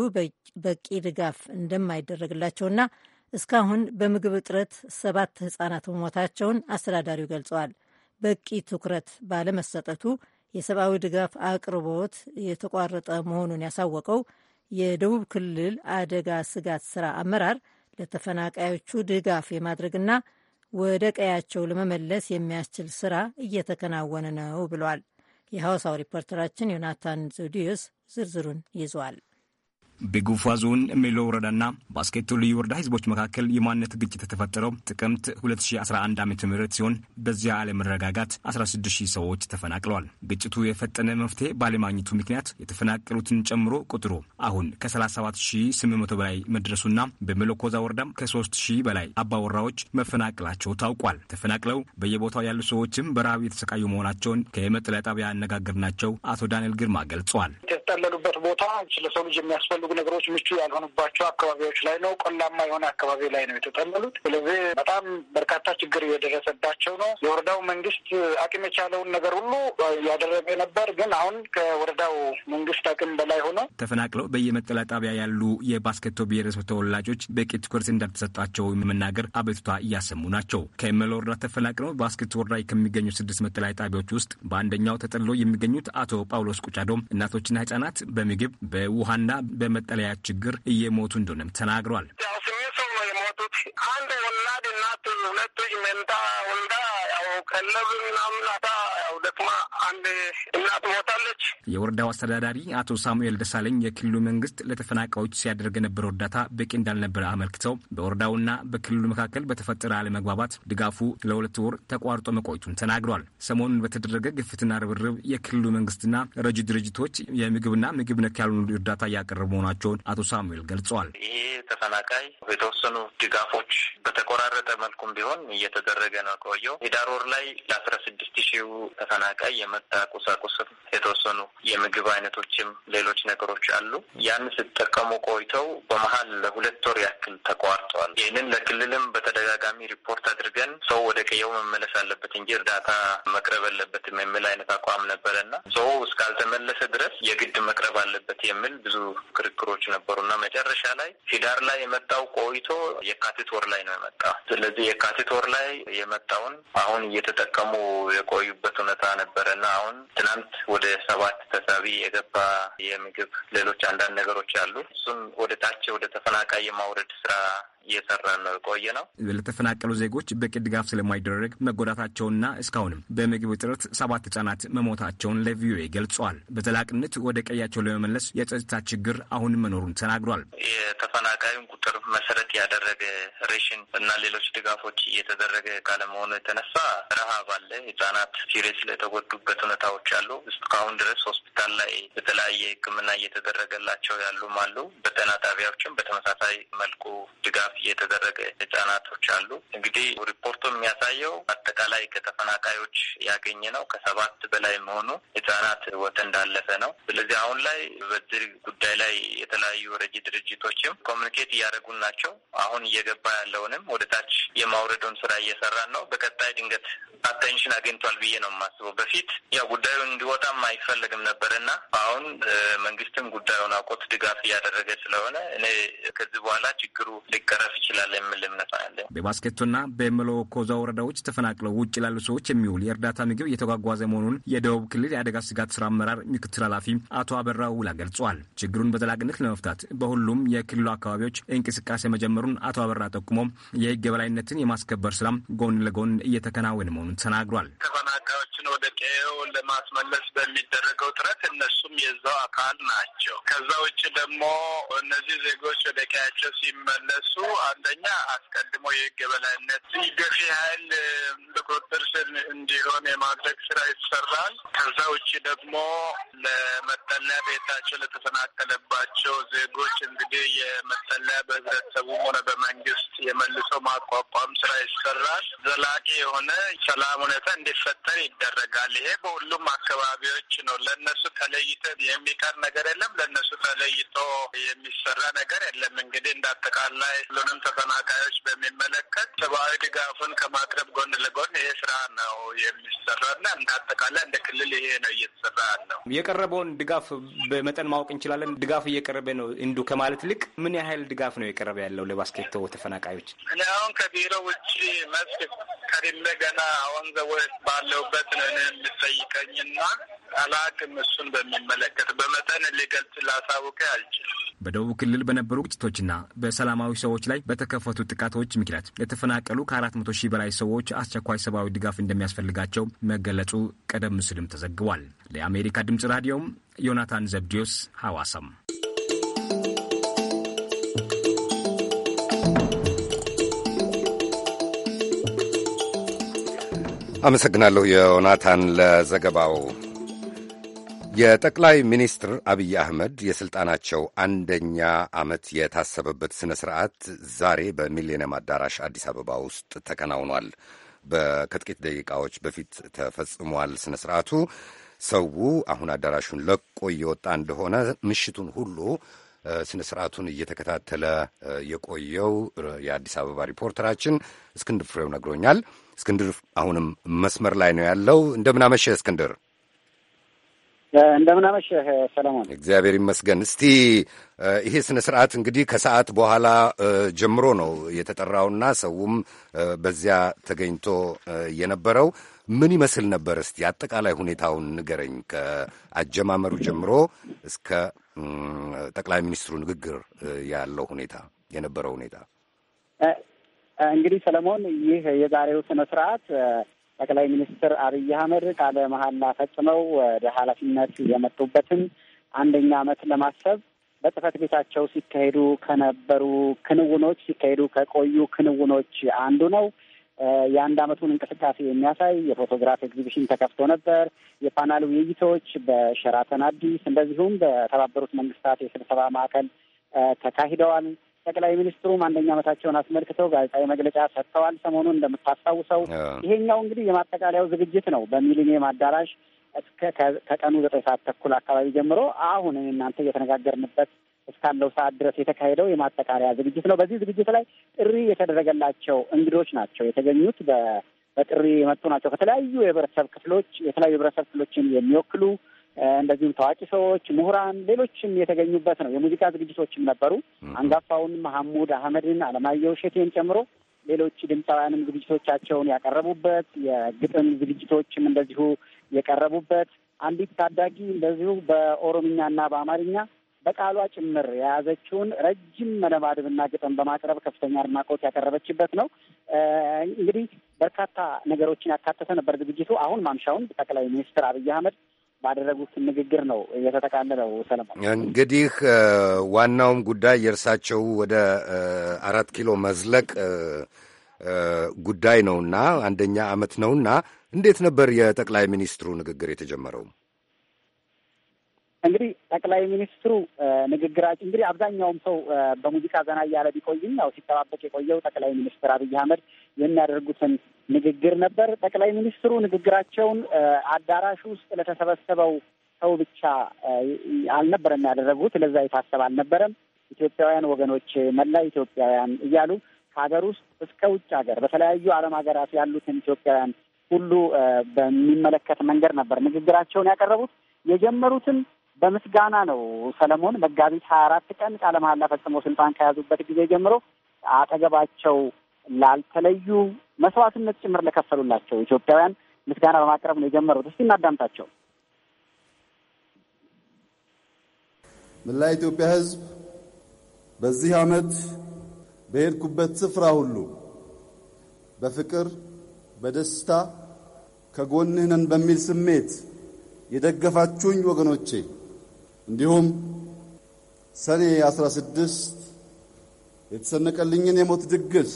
Speaker 2: በቂ ድጋፍ እንደማይደረግላቸውና እስካሁን በምግብ እጥረት ሰባት ህጻናት መሞታቸውን አስተዳዳሪው ገልጸዋል። በቂ ትኩረት ባለመሰጠቱ የሰብአዊ ድጋፍ አቅርቦት የተቋረጠ መሆኑን ያሳወቀው የደቡብ ክልል አደጋ ስጋት ስራ አመራር ለተፈናቃዮቹ ድጋፍ የማድረግና ወደ ቀያቸው ለመመለስ የሚያስችል ስራ እየተከናወነ ነው ብሏል። የሐዋሳው ሪፖርተራችን ዮናታን ዘውዲዮስ ዝርዝሩን ይዟል።
Speaker 10: በጉፋ ዞን ሜሎ ወረዳና ባስኬቶ ልዩ ወረዳ ህዝቦች መካከል የማንነት ግጭት የተፈጠረው ጥቅምት 2011 ዓ ም ሲሆን በዚያ አለመረጋጋት 160 ሰዎች ተፈናቅለዋል። ግጭቱ የፈጠነ መፍትሄ ባለማግኘቱ ምክንያት የተፈናቀሉትን ጨምሮ ቁጥሩ አሁን ከ37800 በላይ መድረሱና በሜሎኮዛ ወረዳም ከ3000 በላይ አባወራዎች መፈናቀላቸው ታውቋል። ተፈናቅለው በየቦታው ያሉ ሰዎችም በረሃብ የተሰቃዩ መሆናቸውን ከመጠለያ ጣቢያ ያነጋገርናቸው አቶ ዳንኤል ግርማ ገልጸዋል። የተጠለሉበት ቦታ ለሰው ልጅ የሚያስፈልጉ ነገሮች ምቹ ያልሆኑባቸው
Speaker 8: አካባቢዎች ላይ ነው። ቆላማ የሆነ አካባቢ ላይ ነው የተጠለሉት። ስለዚህ በጣም በርካታ
Speaker 5: ችግር እየደረሰባቸው ነው። የወረዳው መንግስት አቅም የቻለውን ነገር ሁሉ
Speaker 10: እያደረገ ነበር። ግን አሁን ከወረዳው መንግስት አቅም በላይ ሆኖ ተፈናቅለው በየመጠለያ ጣቢያ ያሉ የባስኬቶ ብሔረሰብ ተወላጆች በቂ ትኩረት እንዳልተሰጣቸው መናገር አቤቱታ እያሰሙ ናቸው። ከመለ ወረዳ ተፈናቅለው ባስኬቶ ወረዳ ከሚገኙ ስድስት መጠለያ ጣቢያዎች ውስጥ በአንደኛው ተጠልሎ የሚገኙት አቶ ጳውሎስ ቁጫዶም እናቶችና ህጻናት ህጻናት በምግብ በውሃና በመጠለያ ችግር እየሞቱ እንደሆነም ተናግሯል።
Speaker 5: አንድ ወላድ እናት፣ ሁለቱ መንታ ወልዳ ያው ከለብ ምናምን አታ ደክማ አንድ
Speaker 8: እናት ሞታለች።
Speaker 10: የወረዳው አስተዳዳሪ አቶ ሳሙኤል ደሳለኝ የክልሉ መንግስት ለተፈናቃዮች ሲያደርግ የነበረው እርዳታ በቂ እንዳልነበረ አመልክተው በወረዳውና በክልሉ መካከል በተፈጠረ አለመግባባት ድጋፉ ለሁለት ወር ተቋርጦ መቆይቱን ተናግሯል። ሰሞኑን በተደረገ ግፍትና ርብርብ የክልሉ መንግስትና ረጅ ድርጅቶች የምግብና ምግብ ነክ ያልሆኑ እርዳታ እያቀረቡ መሆናቸውን አቶ ሳሙኤል ገልጸዋል።
Speaker 6: ይህ ተፈናቃይ የተወሰኑ ድጋፎች በተቆራረጠ መልኩም ቢሆን እየተደረገ ነው ቆየው ሂዳር ወር ላይ ለአስራ ስድስት ሺህ ተፈናቃይ የመጣ ቁሳቁስም የተወሰኑ የምግብ አይነቶችም ሌሎች ነገሮች አሉ። ያን ሲጠቀሙ ቆይተው በመሀል ለሁለት ወር ያክል ተቋርጠዋል። ይህንን ለክልልም በተደጋጋሚ ሪፖርት አድርገን ሰው ወደ ቀየው መመለስ አለበት እንጂ እርዳታ መቅረብ አለበትም የሚል አይነት አቋም ነበረና ሰው እስካልተመለሰ ድረስ የግድ መቅረብ አለበት የሚል ብዙ ክርክሮች ነበሩና መጨረሻ ላይ ሂዳር ላይ የመጣው ቆይቶ የካቲት ወር ላይ ነው የመጣው። ስለዚህ የካቲት ወር ላይ የመጣውን አሁን እየተጠቀሙ የቆዩበት መጣ ነበረ እና አሁን ትናንት ወደ ሰባት ተሳቢ የገባ የምግብ ሌሎች አንዳንድ ነገሮች አሉ። እሱን ወደ ታች ወደ ተፈናቃይ የማውረድ ስራ እየሰራን ነው የቆየ ነው።
Speaker 10: ለተፈናቀሉ ዜጎች በቂ ድጋፍ ስለማይደረግ መጎዳታቸውና እስካሁንም በምግብ እጥረት ሰባት ህጻናት መሞታቸውን ለቪኦኤ ገልጿል። በዘላቅነት ወደ ቀያቸው ለመመለስ የጸጥታ ችግር አሁን መኖሩን ተናግሯል።
Speaker 6: የተፈናቃዩን ቁጥር መሰረት ያደረገ ሬሽን እና ሌሎች ድጋፎች እየተደረገ ካለመሆኑ የተነሳ ረሀብ አለ። ህጻናት ሲሪየስ ለተጎዱበት ሁኔታዎች አሉ። እስካሁን ድረስ ሆስፒታል ላይ በተለያየ ህክምና እየተደረገላቸው ያሉም አሉ። በጤና ጣቢያዎችም በተመሳሳይ መልኩ ድጋፍ እየተደረገ ህጻናቶች አሉ። እንግዲህ ሪፖርቱ የሚያሳየው አጠቃላይ ከተፈናቃዮች ያገኘ ነው ከሰባት በላይ መሆኑ ህጻናት ወት እንዳለፈ ነው። ስለዚህ አሁን ላይ በዚህ ጉዳይ ላይ የተለያዩ ረጂ ድርጅቶችም ኮሚኒኬት እያደረጉን ናቸው። አሁን እየገባ ያለውንም ወደ ታች የማውረዱን ስራ እየሰራን ነው። በቀጣይ ድንገት አቴንሽን አግኝቷል ብዬ ነው የማስበው። በፊት ያው ጉዳዩ እንዲወጣም አይፈለግም ነበር እና አሁን መንግስትም ጉዳዩን አውቆት ድጋፍ እያደረገ ስለሆነ እኔ ከዚህ በኋላ ችግሩ ሊቀ መተረፍ ይችላል
Speaker 10: የሚል እምነት አለ። በባስኬቶና በመሎኮዛ ወረዳዎች ተፈናቅለው ውጭ ላሉ ሰዎች የሚውል የእርዳታ ምግብ እየተጓጓዘ መሆኑን የደቡብ ክልል የአደጋ ስጋት ስራ አመራር ምክትል ኃላፊ አቶ አበራ ውላ ገልጿል። ችግሩን በዘላቂነት ለመፍታት በሁሉም የክልሉ አካባቢዎች እንቅስቃሴ መጀመሩን አቶ አበራ ጠቁሞ የህግ የበላይነትን የማስከበር ስራም ጎን ለጎን እየተከናወነ መሆኑን ተናግሯል። ተፈናቃዮችን ወደ ቀዬው ለማስመለስ በሚደረገው ጥረት እነሱም የዛው አካል ናቸው። ከዛ ውጭ ደግሞ እነዚህ
Speaker 6: ዜጎች ወደ ቀያቸው ሲመለሱ አንደኛ አስቀድሞ የህግ የበላይነት ገፊ ኃይል በቁጥጥር ስር እንዲሆን የማድረግ ስራ ይሰራል። ከዛ ውጭ ደግሞ ለመጠለያ ቤታቸው ለተፈናቀለባቸው ዜጎች እንግዲህ የመጠለያ በህብረተሰቡ ሆነ በመንግስት የመልሶ ማቋቋም ስራ ይሰራል። ዘላቂ የሆነ ሰላም ሁኔታ እንዲፈጠር ይደረጋል። ይሄ በሁሉም አካባቢዎች ነው። ለእነሱ ተለይቶ የሚቀር ነገር የለም። ለእነሱ ተለይቶ የሚሰራ ነገር የለም። እንግዲህ እንዳጠቃላይ ሁሉንም ተፈናቃዮች በሚመለከት ሰብአዊ ድጋፉን
Speaker 10: ከማቅረብ ጎን ለጎን ይሄ ስራ ነው የሚሰራና እንደ አጠቃላይ እንደ
Speaker 6: ክልል ይሄ ነው
Speaker 10: እየተሰራ ነው። የቀረበውን ድጋፍ በመጠን ማወቅ እንችላለን። ድጋፍ እየቀረበ ነው እንዱ ከማለት ይልቅ ምን ያህል ድጋፍ ነው የቀረበ ያለው ለባስኬቶ ተፈናቃዮች?
Speaker 6: እኔ አሁን ከቢሮ ውጭ መስክ ከሪሜ ገና አሁን ዘወ ባለውበት ነው እኔ የምጠይቀኝና አላቅም እሱን በሚመለከት በመጠን ሊገልጽ ላሳውቀ አልችልም።
Speaker 10: በደቡብ ክልል በነበሩ ግጭቶችና በሰላማዊ ሰዎች ላይ በተከፈቱ ጥቃቶች ምክንያት የተፈናቀሉ ከ400 ሺህ በላይ ሰዎች አስቸኳይ ሰብአዊ ድጋፍ እንደሚያስፈልጋቸው መገለጹ ቀደም ሲልም ተዘግቧል። ለአሜሪካ ድምጽ ራዲዮም ዮናታን ዘብዲዮስ ሐዋሳም
Speaker 1: አመሰግናለሁ። የዮናታን ለዘገባው የጠቅላይ ሚኒስትር አብይ አህመድ የሥልጣናቸው አንደኛ ዓመት የታሰበበት ሥነ ሥርዓት ዛሬ በሚሌኒየም አዳራሽ አዲስ አበባ ውስጥ ተከናውኗል። ከጥቂት ደቂቃዎች በፊት ተፈጽሟል ሥነ ሥርዓቱ። ሰው አሁን አዳራሹን ለቆ እየወጣ እንደሆነ ምሽቱን ሁሉ ሥነ ሥርዓቱን እየተከታተለ የቆየው የአዲስ አበባ ሪፖርተራችን እስክንድር ፍሬው ነግሮኛል። እስክንድር አሁንም መስመር ላይ ነው ያለው። እንደምናመሸ እስክንድር
Speaker 9: እንደምናመሽ ሰለሞን፣
Speaker 1: እግዚአብሔር ይመስገን። እስቲ ይሄ ስነ ስርዓት እንግዲህ ከሰዓት በኋላ ጀምሮ ነው የተጠራውና ሰውም በዚያ ተገኝቶ የነበረው ምን ይመስል ነበር? እስቲ አጠቃላይ ሁኔታውን ንገረኝ፣ ከአጀማመሩ ጀምሮ እስከ ጠቅላይ ሚኒስትሩ ንግግር ያለው ሁኔታ የነበረው ሁኔታ።
Speaker 9: እንግዲህ ሰለሞን ይህ የዛሬው ስነ ስርዓት ጠቅላይ ሚኒስትር አብይ አህመድ ቃለ መሀላ ፈጽመው ወደ ኃላፊነት የመጡበትን አንደኛ ዓመት ለማሰብ በጽህፈት ቤታቸው ሲካሄዱ ከነበሩ ክንውኖች ሲካሄዱ ከቆዩ ክንውኖች አንዱ ነው። የአንድ ዓመቱን እንቅስቃሴ የሚያሳይ የፎቶግራፍ ኤግዚቢሽን ተከፍቶ ነበር። የፓናል ውይይቶች በሸራተን አዲስ እንደዚሁም በተባበሩት መንግስታት የስብሰባ ማዕከል ተካሂደዋል። ጠቅላይ ሚኒስትሩም አንደኛ ዓመታቸውን አስመልክተው ጋዜጣዊ መግለጫ ሰጥተዋል። ሰሞኑን እንደምታስታውሰው ይሄኛው እንግዲህ የማጠቃለያው ዝግጅት ነው። በሚሊኒየም አዳራሽ እስከ ከቀኑ ዘጠኝ ሰዓት ተኩል አካባቢ ጀምሮ አሁን እናንተ እየተነጋገርንበት እስካለው ሰዓት ድረስ የተካሄደው የማጠቃለያ ዝግጅት ነው። በዚህ ዝግጅት ላይ ጥሪ የተደረገላቸው እንግዶች ናቸው የተገኙት። በጥሪ የመጡ ናቸው ከተለያዩ የህብረተሰብ ክፍሎች የተለያዩ የህብረተሰብ ክፍሎችን የሚወክሉ እንደዚሁም ታዋቂ ሰዎች፣ ምሁራን፣ ሌሎችም የተገኙበት ነው። የሙዚቃ ዝግጅቶችም ነበሩ። አንጋፋውን መሐሙድ አህመድን፣ አለማየሁ እሸቴን ጨምሮ ሌሎች ድምፃውያንም ዝግጅቶቻቸውን ያቀረቡበት፣ የግጥም ዝግጅቶችም እንደዚሁ የቀረቡበት፣ አንዲት ታዳጊ እንደዚሁ በኦሮምኛና በአማርኛ በቃሏ ጭምር የያዘችውን ረጅም መነባድብና ግጥም በማቅረብ ከፍተኛ አድናቆት ያቀረበችበት ነው። እንግዲህ በርካታ ነገሮችን ያካተተ ነበር ዝግጅቱ። አሁን ማምሻውን ጠቅላይ ሚኒስትር አብይ አህመድ ባደረጉት ንግግር ነው እየተጠቃለለው። ሰለሞን
Speaker 1: እንግዲህ ዋናውም ጉዳይ የእርሳቸው ወደ አራት ኪሎ መዝለቅ ጉዳይ ነውና አንደኛ ዓመት ነውና እንዴት ነበር የጠቅላይ ሚኒስትሩ ንግግር የተጀመረው?
Speaker 9: እንግዲህ ጠቅላይ ሚኒስትሩ ንግግራቸው እንግዲህ አብዛኛውም ሰው በሙዚቃ ዘና እያለ ቢቆይም ያው ሲጠባበቅ የቆየው ጠቅላይ ሚኒስትር አብይ አህመድ የሚያደርጉትን ንግግር ነበር። ጠቅላይ ሚኒስትሩ ንግግራቸውን አዳራሽ ውስጥ ለተሰበሰበው ሰው ብቻ አልነበረም ያደረጉት፣ ለዛ የታሰብ አልነበረም። ኢትዮጵያውያን ወገኖች፣ መላ ኢትዮጵያውያን እያሉ ከሀገር ውስጥ እስከ ውጭ ሀገር በተለያዩ ዓለም ሀገራት ያሉትን ኢትዮጵያውያን ሁሉ በሚመለከት መንገድ ነበር ንግግራቸውን ያቀረቡት የጀመሩትን በምስጋና ነው ሰለሞን መጋቢት ሀያ አራት ቀን ቃለ መሐላ ፈጽመው ስልጣን ከያዙበት ጊዜ ጀምሮ አጠገባቸው ላልተለዩ መስዋዕትነት ጭምር ለከፈሉላቸው ኢትዮጵያውያን ምስጋና በማቅረብ ነው የጀመሩት። እስቲ እናዳምጣቸው።
Speaker 3: መላ ኢትዮጵያ ሕዝብ በዚህ ዓመት በሄድኩበት ስፍራ ሁሉ በፍቅር በደስታ ከጎንህ ነን በሚል ስሜት የደገፋችሁኝ ወገኖቼ እንዲሁም ሰኔ 16 የተሰነቀልኝን የሞት ድግስ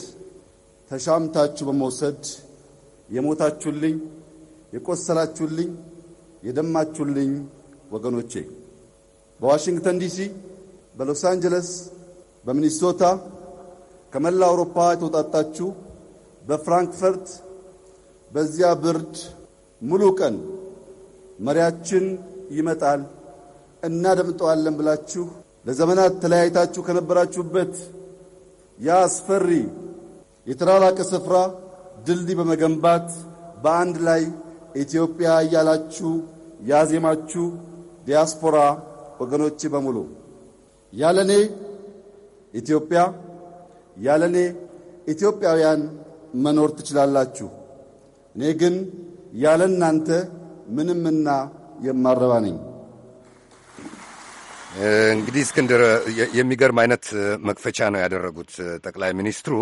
Speaker 3: ተሻምታችሁ በመውሰድ የሞታችሁልኝ፣ የቆሰላችሁልኝ፣ የደማችሁልኝ ወገኖቼ በዋሽንግተን ዲሲ፣ በሎስ አንጀለስ፣ በሚኒሶታ ከመላ አውሮፓ የተውጣጣችሁ በፍራንክፈርት በዚያ ብርድ ሙሉ ቀን መሪያችን ይመጣል እናደምጠዋለን ብላችሁ ለዘመናት ተለያይታችሁ ከነበራችሁበት የአስፈሪ የተራራቀ ስፍራ ድልድይ በመገንባት በአንድ ላይ ኢትዮጵያ እያላችሁ ያዜማችሁ ዲያስፖራ ወገኖች በሙሉ ያለኔ ኢትዮጵያ ያለኔ ኢትዮጵያውያን መኖር ትችላላችሁ። እኔ ግን ያለ እናንተ ምንምና የማረባ ነኝ። እንግዲህ እስክንድር የሚገርም አይነት
Speaker 1: መክፈቻ ነው ያደረጉት ጠቅላይ ሚኒስትሩ።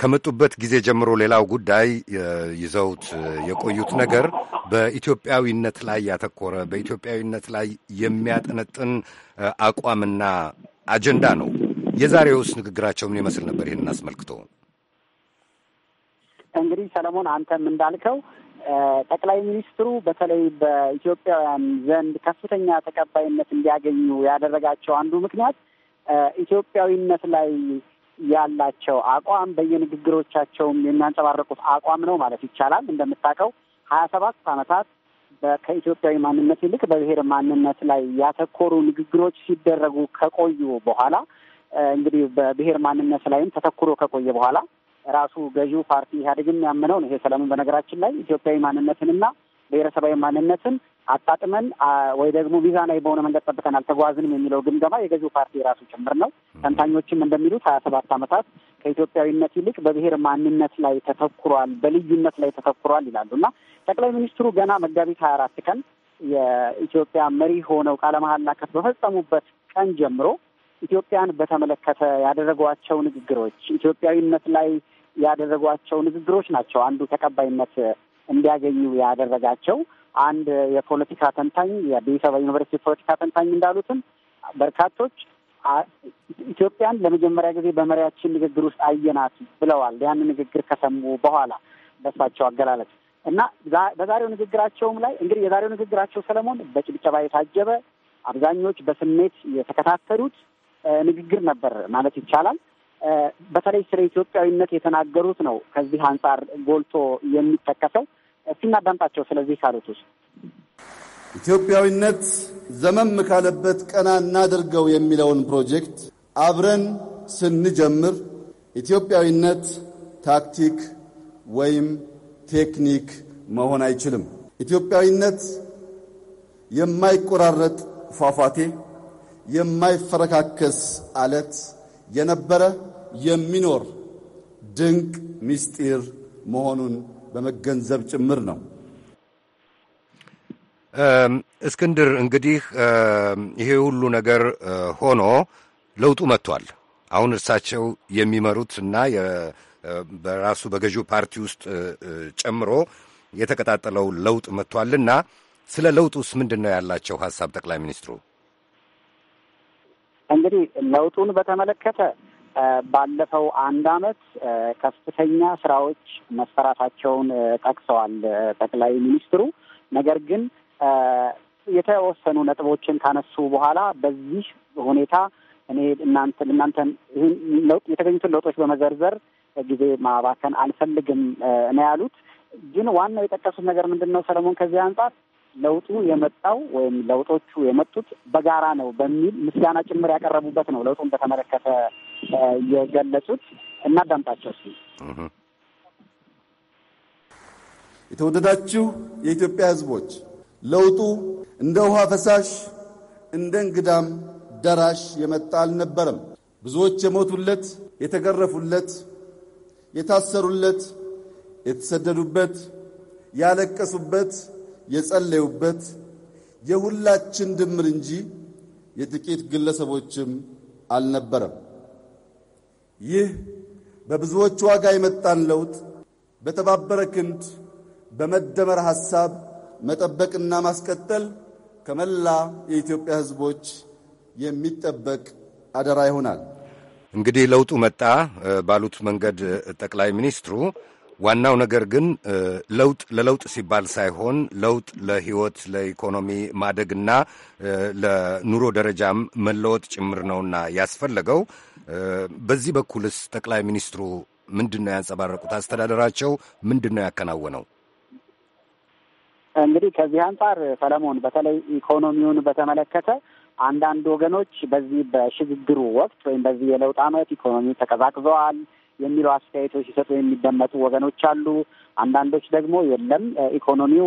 Speaker 1: ከመጡበት ጊዜ ጀምሮ ሌላው ጉዳይ ይዘውት የቆዩት ነገር በኢትዮጵያዊነት ላይ ያተኮረ በኢትዮጵያዊነት ላይ የሚያጠነጥን አቋምና አጀንዳ ነው። የዛሬውስ ንግግራቸው ምን ይመስል ነበር? ይህንን አስመልክቶ
Speaker 9: እንግዲህ ሰለሞን አንተም እንዳልከው ጠቅላይ ሚኒስትሩ በተለይ በኢትዮጵያውያን ዘንድ ከፍተኛ ተቀባይነት እንዲያገኙ ያደረጋቸው አንዱ ምክንያት ኢትዮጵያዊነት ላይ ያላቸው አቋም በየንግግሮቻቸውም የሚያንጸባረቁት አቋም ነው ማለት ይቻላል። እንደምታውቀው ሀያ ሰባት ዓመታት ከኢትዮጵያዊ ማንነት ይልቅ በብሔር ማንነት ላይ ያተኮሩ ንግግሮች ሲደረጉ ከቆዩ በኋላ እንግዲህ በብሔር ማንነት ላይም ተተኩሮ ከቆየ በኋላ ራሱ ገዢው ፓርቲ ኢህአዴግም ያምነው ነው። ይሄ ሰለሞን፣ በነገራችን ላይ ኢትዮጵያዊ ማንነትንና ብሔረሰባዊ ማንነትን አጣጥመን ወይ ደግሞ ሚዛናዊ በሆነ መንገድ ጠብቀን አልተጓዝንም የሚለው ግምገማ የገዢው ፓርቲ የራሱ ጭምር ነው። ተንታኞችም እንደሚሉት ሀያ ሰባት ዓመታት ከኢትዮጵያዊነት ይልቅ በብሔር ማንነት ላይ ተተኩሯል፣ በልዩነት ላይ ተተኩሯል ይላሉ እና ጠቅላይ ሚኒስትሩ ገና መጋቢት ሀያ አራት ቀን የኢትዮጵያ መሪ ሆነው ቃለ መሐላ ከት በፈጸሙበት ቀን ጀምሮ ኢትዮጵያን በተመለከተ ያደረጓቸው ንግግሮች፣ ኢትዮጵያዊነት ላይ ያደረጓቸው ንግግሮች ናቸው አንዱ ተቀባይነት እንዲያገኙ ያደረጋቸው። አንድ የፖለቲካ ተንታኝ የአዲስ አበባ ዩኒቨርሲቲ ፖለቲካ ተንታኝ እንዳሉትም በርካቶች ኢትዮጵያን ለመጀመሪያ ጊዜ በመሪያችን ንግግር ውስጥ አየናት ብለዋል። ያን ንግግር ከሰሙ በኋላ በሳቸው አገላለጽ እና በዛሬው ንግግራቸውም ላይ እንግዲህ የዛሬው ንግግራቸው ሰለሞን በጭብጨባ የታጀበ አብዛኞች በስሜት የተከታተሉት ንግግር ነበር ማለት ይቻላል። በተለይ ስለ ኢትዮጵያዊነት የተናገሩት ነው ከዚህ አንጻር ጎልቶ የሚጠቀሰው። ሲናዳምጣቸው ስለዚህ ካሉት ውስጥ
Speaker 3: ኢትዮጵያዊነት ዘመም ካለበት ቀና እናድርገው የሚለውን ፕሮጀክት አብረን ስንጀምር ኢትዮጵያዊነት ታክቲክ ወይም ቴክኒክ መሆን አይችልም። ኢትዮጵያዊነት የማይቆራረጥ ፏፏቴ የማይፈረካከስ አለት የነበረ የሚኖር ድንቅ ምስጢር መሆኑን በመገንዘብ ጭምር ነው።
Speaker 1: እስክንድር እንግዲህ ይሄ ሁሉ ነገር ሆኖ ለውጡ መጥቷል። አሁን እርሳቸው የሚመሩት እና በራሱ በገዢው ፓርቲ ውስጥ ጨምሮ የተቀጣጠለው ለውጥ መጥቷልና ስለ ለውጡስ ምንድን ነው ያላቸው ሀሳብ ጠቅላይ ሚኒስትሩ?
Speaker 5: እንግዲህ ለውጡን
Speaker 9: በተመለከተ ባለፈው አንድ አመት ከፍተኛ ስራዎች መሰራታቸውን ጠቅሰዋል ጠቅላይ ሚኒስትሩ። ነገር ግን የተወሰኑ ነጥቦችን ካነሱ በኋላ በዚህ ሁኔታ እኔ እናንተ እናንተን ይህን ለውጥ የተገኙትን ለውጦች በመዘርዘር ጊዜ ማባከን አልፈልግም ነው ያሉት። ግን ዋናው የጠቀሱት ነገር ምንድን ነው ሰለሞን? ከዚህ አንጻር ለውጡ የመጣው ወይም ለውጦቹ የመጡት በጋራ ነው በሚል ምስጋና ጭምር ያቀረቡበት ነው። ለውጡን በተመለከተ የገለጹት እናዳምጣቸው። ስ
Speaker 3: የተወደዳችሁ የኢትዮጵያ ሕዝቦች ለውጡ እንደ ውሃ ፈሳሽ እንደ እንግዳም ደራሽ የመጣ አልነበረም። ብዙዎች የሞቱለት፣ የተገረፉለት፣ የታሰሩለት፣ የተሰደዱበት፣ ያለቀሱበት የጸለዩበት የሁላችን ድምር እንጂ የጥቂት ግለሰቦችም አልነበረም። ይህ በብዙዎች ዋጋ የመጣን ለውጥ በተባበረ ክንድ በመደመር ሐሳብ መጠበቅና ማስቀጠል ከመላ የኢትዮጵያ ሕዝቦች የሚጠበቅ አደራ ይሆናል።
Speaker 1: እንግዲህ ለውጡ መጣ ባሉት መንገድ ጠቅላይ ሚኒስትሩ ዋናው ነገር ግን ለውጥ ለለውጥ ሲባል ሳይሆን ለውጥ ለሕይወት፣ ለኢኮኖሚ ማደግና ለኑሮ ደረጃም መለወጥ ጭምር ነውና ያስፈለገው። በዚህ በኩልስ ጠቅላይ ሚኒስትሩ ምንድን ነው ያንጸባረቁት? አስተዳደራቸው ምንድን ነው ያከናወነው?
Speaker 9: እንግዲህ ከዚህ አንጻር ሰለሞን፣ በተለይ ኢኮኖሚውን በተመለከተ አንዳንድ ወገኖች በዚህ በሽግግሩ ወቅት ወይም በዚህ የለውጥ ዓመት ኢኮኖሚ ተቀዛቅዘዋል የሚሉ አስተያየቶች ሲሰጡ የሚደመጡ ወገኖች አሉ። አንዳንዶች ደግሞ የለም ኢኮኖሚው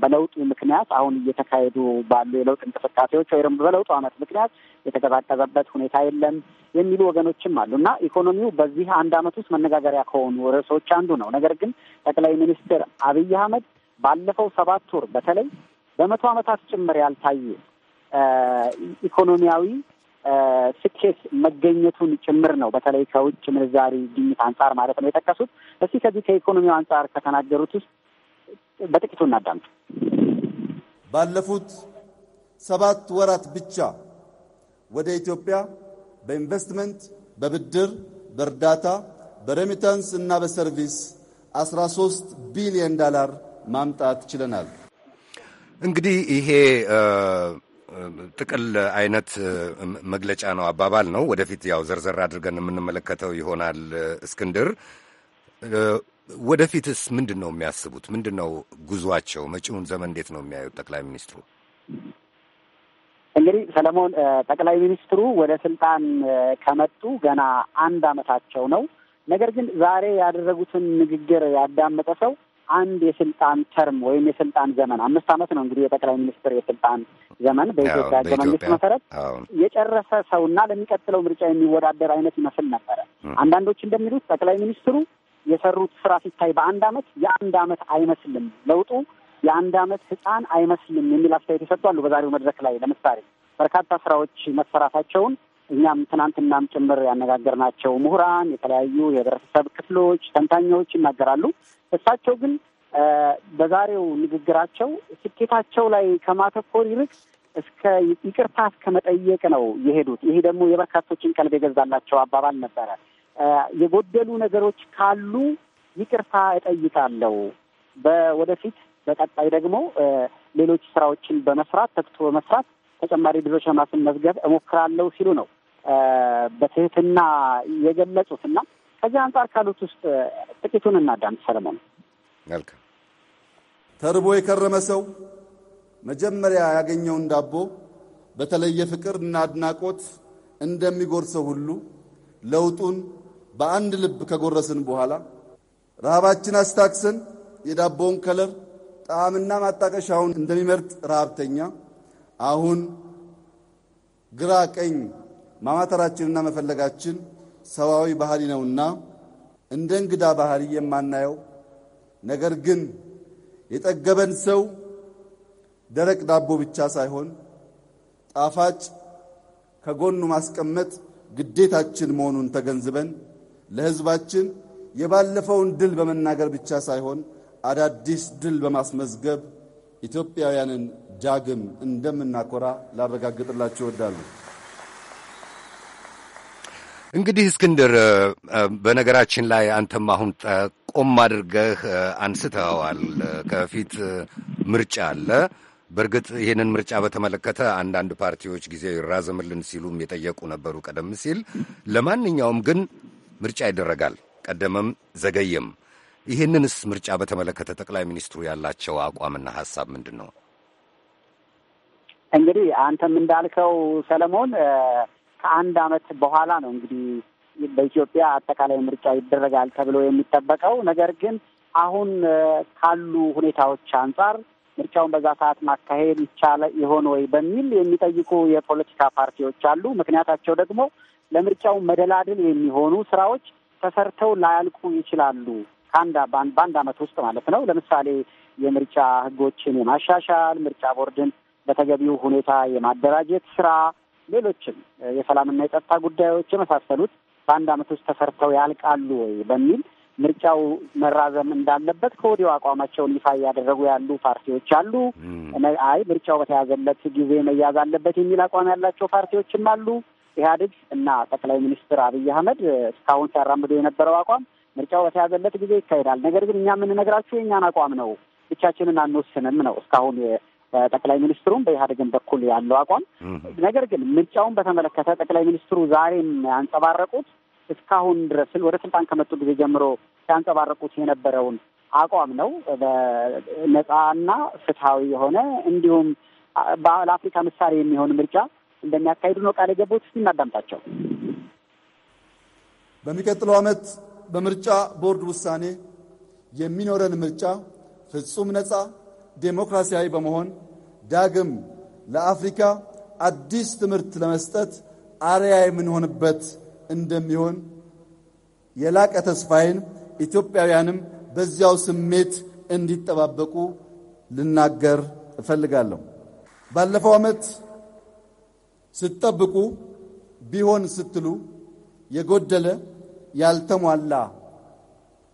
Speaker 9: በለውጡ ምክንያት አሁን እየተካሄዱ ባሉ የለውጥ እንቅስቃሴዎች ወይም በለውጡ ዓመት ምክንያት የተቀዛቀዘበት ሁኔታ የለም የሚሉ ወገኖችም አሉ እና ኢኮኖሚው በዚህ አንድ ዓመት ውስጥ መነጋገሪያ ከሆኑ ርዕሶች አንዱ ነው። ነገር ግን ጠቅላይ ሚኒስትር አብይ አህመድ ባለፈው ሰባት ወር በተለይ በመቶ ዓመታት ጭምር ያልታየ ኢኮኖሚያዊ ስኬት መገኘቱን ጭምር ነው። በተለይ ከውጭ ምንዛሪ ግኝት አንጻር ማለት ነው የጠቀሱት። እስቲ ከዚህ ከኢኮኖሚው አንጻር ከተናገሩት ውስጥ በጥቂቱ እናዳምጡ።
Speaker 3: ባለፉት ሰባት ወራት ብቻ ወደ ኢትዮጵያ በኢንቨስትመንት፣ በብድር፣ በእርዳታ፣ በሬሚታንስ እና በሰርቪስ 13 ቢሊዮን ዳላር ማምጣት ችለናል። እንግዲህ
Speaker 1: ይሄ ጥቅል አይነት መግለጫ ነው፣ አባባል ነው። ወደፊት ያው ዘርዘር አድርገን የምንመለከተው ይሆናል። እስክንድር፣ ወደፊትስ ምንድን ነው የሚያስቡት? ምንድን ነው ጉዟቸው? መጪውን ዘመን እንዴት ነው የሚያዩት ጠቅላይ ሚኒስትሩ?
Speaker 9: እንግዲህ ሰለሞን፣ ጠቅላይ ሚኒስትሩ ወደ ስልጣን ከመጡ ገና አንድ አመታቸው ነው። ነገር ግን ዛሬ ያደረጉትን ንግግር ያዳመጠ ሰው አንድ የስልጣን ተርም ወይም የስልጣን ዘመን አምስት አመት ነው እንግዲህ የጠቅላይ ሚኒስትር የስልጣን ዘመን በኢትዮጵያ ሕገ መንግስት መሰረት የጨረሰ ሰውና ለሚቀጥለው ምርጫ የሚወዳደር አይነት ይመስል ነበረ። አንዳንዶች እንደሚሉት ጠቅላይ ሚኒስትሩ የሰሩት ስራ ሲታይ በአንድ ዓመት የአንድ አመት አይመስልም ለውጡ የአንድ ዓመት ህፃን አይመስልም የሚል አስተያየት ይሰጧሉ። በዛሬው መድረክ ላይ ለምሳሌ በርካታ ስራዎች መሰራታቸውን እኛም ትናንትናም ጭምር ያነጋገርናቸው ምሁራን፣ የተለያዩ የህብረተሰብ ክፍሎች፣ ተንታኞች ይናገራሉ። እሳቸው ግን በዛሬው ንግግራቸው ስኬታቸው ላይ ከማተኮር ይልቅ እስከ ይቅርታ እስከ መጠየቅ ነው የሄዱት። ይሄ ደግሞ የበርካቶችን ቀልብ የገዛላቸው አባባል ነበረ። የጎደሉ ነገሮች ካሉ ይቅርታ እጠይቃለሁ፣ በወደፊት በቀጣይ ደግሞ ሌሎች ስራዎችን በመስራት ተግቶ በመስራት ተጨማሪ ልጆች ለማስመዝገብ እሞክራለሁ ሲሉ ነው በትህትና የገለጹትና ከዚህ አንጻር ካሉት ውስጥ ጥቂቱን እናዳምጥ።
Speaker 3: ሰለሞን ተርቦ የከረመ ሰው መጀመሪያ ያገኘውን ዳቦ በተለየ ፍቅር እና አድናቆት እንደሚጎርሰው ሁሉ ለውጡን በአንድ ልብ ከጎረስን በኋላ ረሃባችን አስታክሰን የዳቦውን ከለር ጣዕምና ማጣቀሻውን እንደሚመርጥ ረሃብተኛ አሁን ግራ ቀኝ ማማተራችንና መፈለጋችን ሰብአዊ ባህሪ ነውና እንደ እንግዳ ባህሪ የማናየው ነገር ግን የጠገበን ሰው ደረቅ ዳቦ ብቻ ሳይሆን ጣፋጭ ከጎኑ ማስቀመጥ ግዴታችን መሆኑን ተገንዝበን ለሕዝባችን የባለፈውን ድል በመናገር ብቻ ሳይሆን አዳዲስ ድል በማስመዝገብ ኢትዮጵያውያንን ዳግም እንደምናኮራ ላረጋግጥላችሁ እወዳለሁ።
Speaker 1: እንግዲህ እስክንድር፣ በነገራችን ላይ አንተም አሁን ቆም አድርገህ አንስተዋል። ከፊት ምርጫ አለ። በእርግጥ ይህንን ምርጫ በተመለከተ አንዳንድ ፓርቲዎች ጊዜ ይራዘምልን ሲሉም የጠየቁ ነበሩ ቀደም ሲል። ለማንኛውም ግን ምርጫ ይደረጋል፣ ቀደመም ዘገየም። ይህንንስ ምርጫ በተመለከተ ጠቅላይ ሚኒስትሩ ያላቸው አቋምና ሀሳብ ምንድን ነው?
Speaker 9: እንግዲህ አንተም እንዳልከው ሰለሞን ከአንድ አመት በኋላ ነው እንግዲህ በኢትዮጵያ አጠቃላይ ምርጫ ይደረጋል ተብሎ የሚጠበቀው። ነገር ግን አሁን ካሉ ሁኔታዎች አንጻር ምርጫውን በዛ ሰዓት ማካሄድ ይቻለ ይሆን ወይ በሚል የሚጠይቁ የፖለቲካ ፓርቲዎች አሉ። ምክንያታቸው ደግሞ ለምርጫው መደላድል የሚሆኑ ስራዎች ተሰርተው ላያልቁ ይችላሉ፣ ከአንድ በአንድ አመት ውስጥ ማለት ነው። ለምሳሌ የምርጫ ህጎችን የማሻሻል ምርጫ ቦርድን በተገቢው ሁኔታ የማደራጀት ስራ ሌሎችም የሰላምና የጸጥታ ጉዳዮች የመሳሰሉት በአንድ ዓመት ውስጥ ተሰርተው ያልቃሉ ወይ በሚል ምርጫው መራዘም እንዳለበት ከወዲሁ አቋማቸውን ይፋ እያደረጉ ያሉ ፓርቲዎች አሉ። አይ ምርጫው በተያዘለት ጊዜ መያዝ አለበት የሚል አቋም ያላቸው ፓርቲዎችም አሉ። ኢህአዴግ እና ጠቅላይ ሚኒስትር አብይ አህመድ እስካሁን ሲያራምዱ የነበረው አቋም ምርጫው በተያዘለት ጊዜ ይካሄዳል፣ ነገር ግን እኛ የምንነግራችሁ የእኛን አቋም ነው፣ ብቻችንን አንወስንም ነው እስካሁን ጠቅላይ ሚኒስትሩም በኢህአዴግን በኩል ያለው አቋም። ነገር ግን ምርጫውን በተመለከተ ጠቅላይ ሚኒስትሩ ዛሬም ያንጸባረቁት እስካሁን ድረስ ወደ ስልጣን ከመጡ ጊዜ ጀምሮ ያንጸባረቁት የነበረውን አቋም ነው። በነጻና ፍትሐዊ የሆነ እንዲሁም ለአፍሪካ ምሳሌ የሚሆን ምርጫ እንደሚያካሂዱ ነው ቃል የገቡት። እናዳምጣቸው።
Speaker 3: በሚቀጥለው ዓመት በምርጫ ቦርድ ውሳኔ የሚኖረን ምርጫ ፍጹም ነፃ ዴሞክራሲያዊ በመሆን ዳግም ለአፍሪካ አዲስ ትምህርት ለመስጠት አርያ የምንሆንበት እንደሚሆን የላቀ ተስፋዬን ኢትዮጵያውያንም በዚያው ስሜት እንዲጠባበቁ ልናገር እፈልጋለሁ። ባለፈው ዓመት ስትጠብቁ ቢሆን ስትሉ የጎደለ ያልተሟላ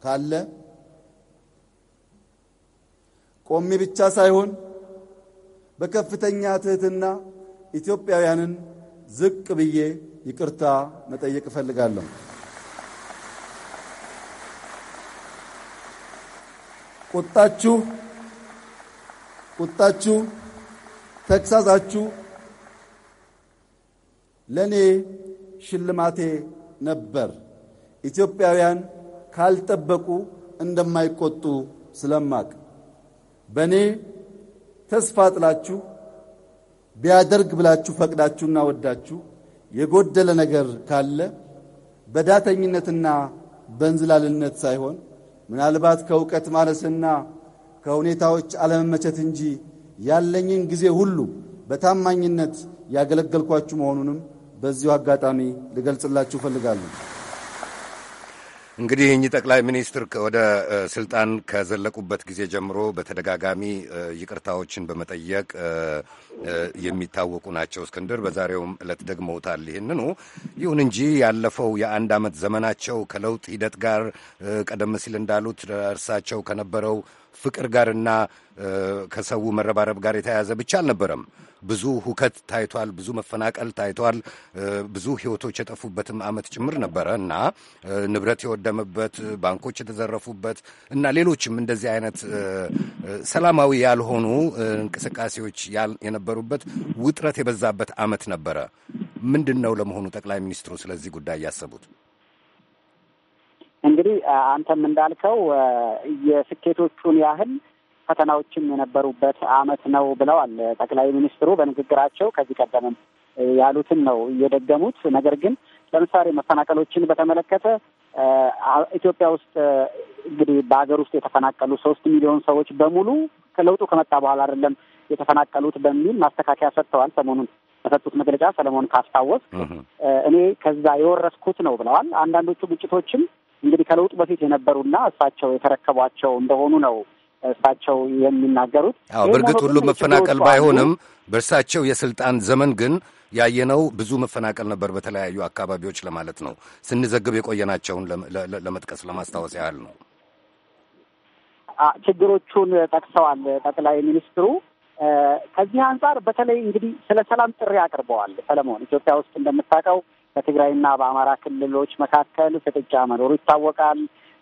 Speaker 3: ካለ ቆሜ ብቻ ሳይሆን በከፍተኛ ትህትና ኢትዮጵያውያንን ዝቅ ብዬ ይቅርታ መጠየቅ እፈልጋለሁ። ቁጣችሁ ቁጣችሁ ተግሳጻችሁ ለኔ ሽልማቴ ነበር። ኢትዮጵያውያን ካልጠበቁ እንደማይቆጡ ስለማቅ በእኔ ተስፋ ጥላችሁ ቢያደርግ ብላችሁ ፈቅዳችሁና ወዳችሁ የጎደለ ነገር ካለ በዳተኝነትና በእንዝላልነት ሳይሆን ምናልባት ከእውቀት ማለስና ከሁኔታዎች አለመመቸት እንጂ ያለኝን ጊዜ ሁሉ በታማኝነት ያገለገልኳችሁ መሆኑንም በዚሁ አጋጣሚ ልገልጽላችሁ እፈልጋለሁ።
Speaker 1: እንግዲህ እኚህ ጠቅላይ ሚኒስትር ወደ ስልጣን ከዘለቁበት ጊዜ ጀምሮ በተደጋጋሚ ይቅርታዎችን በመጠየቅ የሚታወቁ ናቸው። እስክንድር በዛሬውም ዕለት ደግመውታል ይህንኑ። ይሁን እንጂ ያለፈው የአንድ ዓመት ዘመናቸው ከለውጥ ሂደት ጋር ቀደም ሲል እንዳሉት እርሳቸው ከነበረው ፍቅር ጋርና ከሰው መረባረብ ጋር የተያያዘ ብቻ አልነበረም። ብዙ ሁከት ታይቷል፣ ብዙ መፈናቀል ታይቷል፣ ብዙ ህይወቶች የጠፉበትም አመት ጭምር ነበረ እና ንብረት የወደመበት፣ ባንኮች የተዘረፉበት እና ሌሎችም እንደዚህ አይነት ሰላማዊ ያልሆኑ እንቅስቃሴዎች የነበሩበት ውጥረት የበዛበት አመት ነበረ። ምንድን ነው ለመሆኑ ጠቅላይ ሚኒስትሩ ስለዚህ ጉዳይ ያሰቡት?
Speaker 9: እንግዲህ አንተም እንዳልከው የስኬቶቹን ያህል ፈተናዎችም የነበሩበት አመት ነው ብለዋል ጠቅላይ ሚኒስትሩ በንግግራቸው። ከዚህ ቀደምም ያሉትን ነው እየደገሙት። ነገር ግን ለምሳሌ መፈናቀሎችን በተመለከተ ኢትዮጵያ ውስጥ እንግዲህ በሀገር ውስጥ የተፈናቀሉ ሶስት ሚሊዮን ሰዎች በሙሉ ከለውጡ ከመጣ በኋላ አይደለም የተፈናቀሉት በሚል ማስተካከያ ሰጥተዋል። ሰሞኑን በሰጡት መግለጫ ሰለሞን ካስታወስ እኔ ከዛ የወረስኩት ነው ብለዋል። አንዳንዶቹ ግጭቶችም እንግዲህ ከለውጡ በፊት የነበሩና እሳቸው የተረከቧቸው እንደሆኑ ነው እሳቸው የሚናገሩት። አዎ በእርግጥ ሁሉ መፈናቀል ባይሆንም
Speaker 1: በእርሳቸው የስልጣን ዘመን ግን ያየነው ብዙ መፈናቀል ነበር በተለያዩ አካባቢዎች ለማለት ነው። ስንዘግብ የቆየናቸውን ለመጥቀስ ለማስታወስ ያህል ነው።
Speaker 9: ችግሮቹን ጠቅሰዋል ጠቅላይ ሚኒስትሩ። ከዚህ አንጻር በተለይ እንግዲህ ስለ ሰላም ጥሪ አቅርበዋል። ሰለሞን፣ ኢትዮጵያ ውስጥ እንደምታውቀው በትግራይና በአማራ ክልሎች መካከል ፍጥጫ መኖሩ ይታወቃል።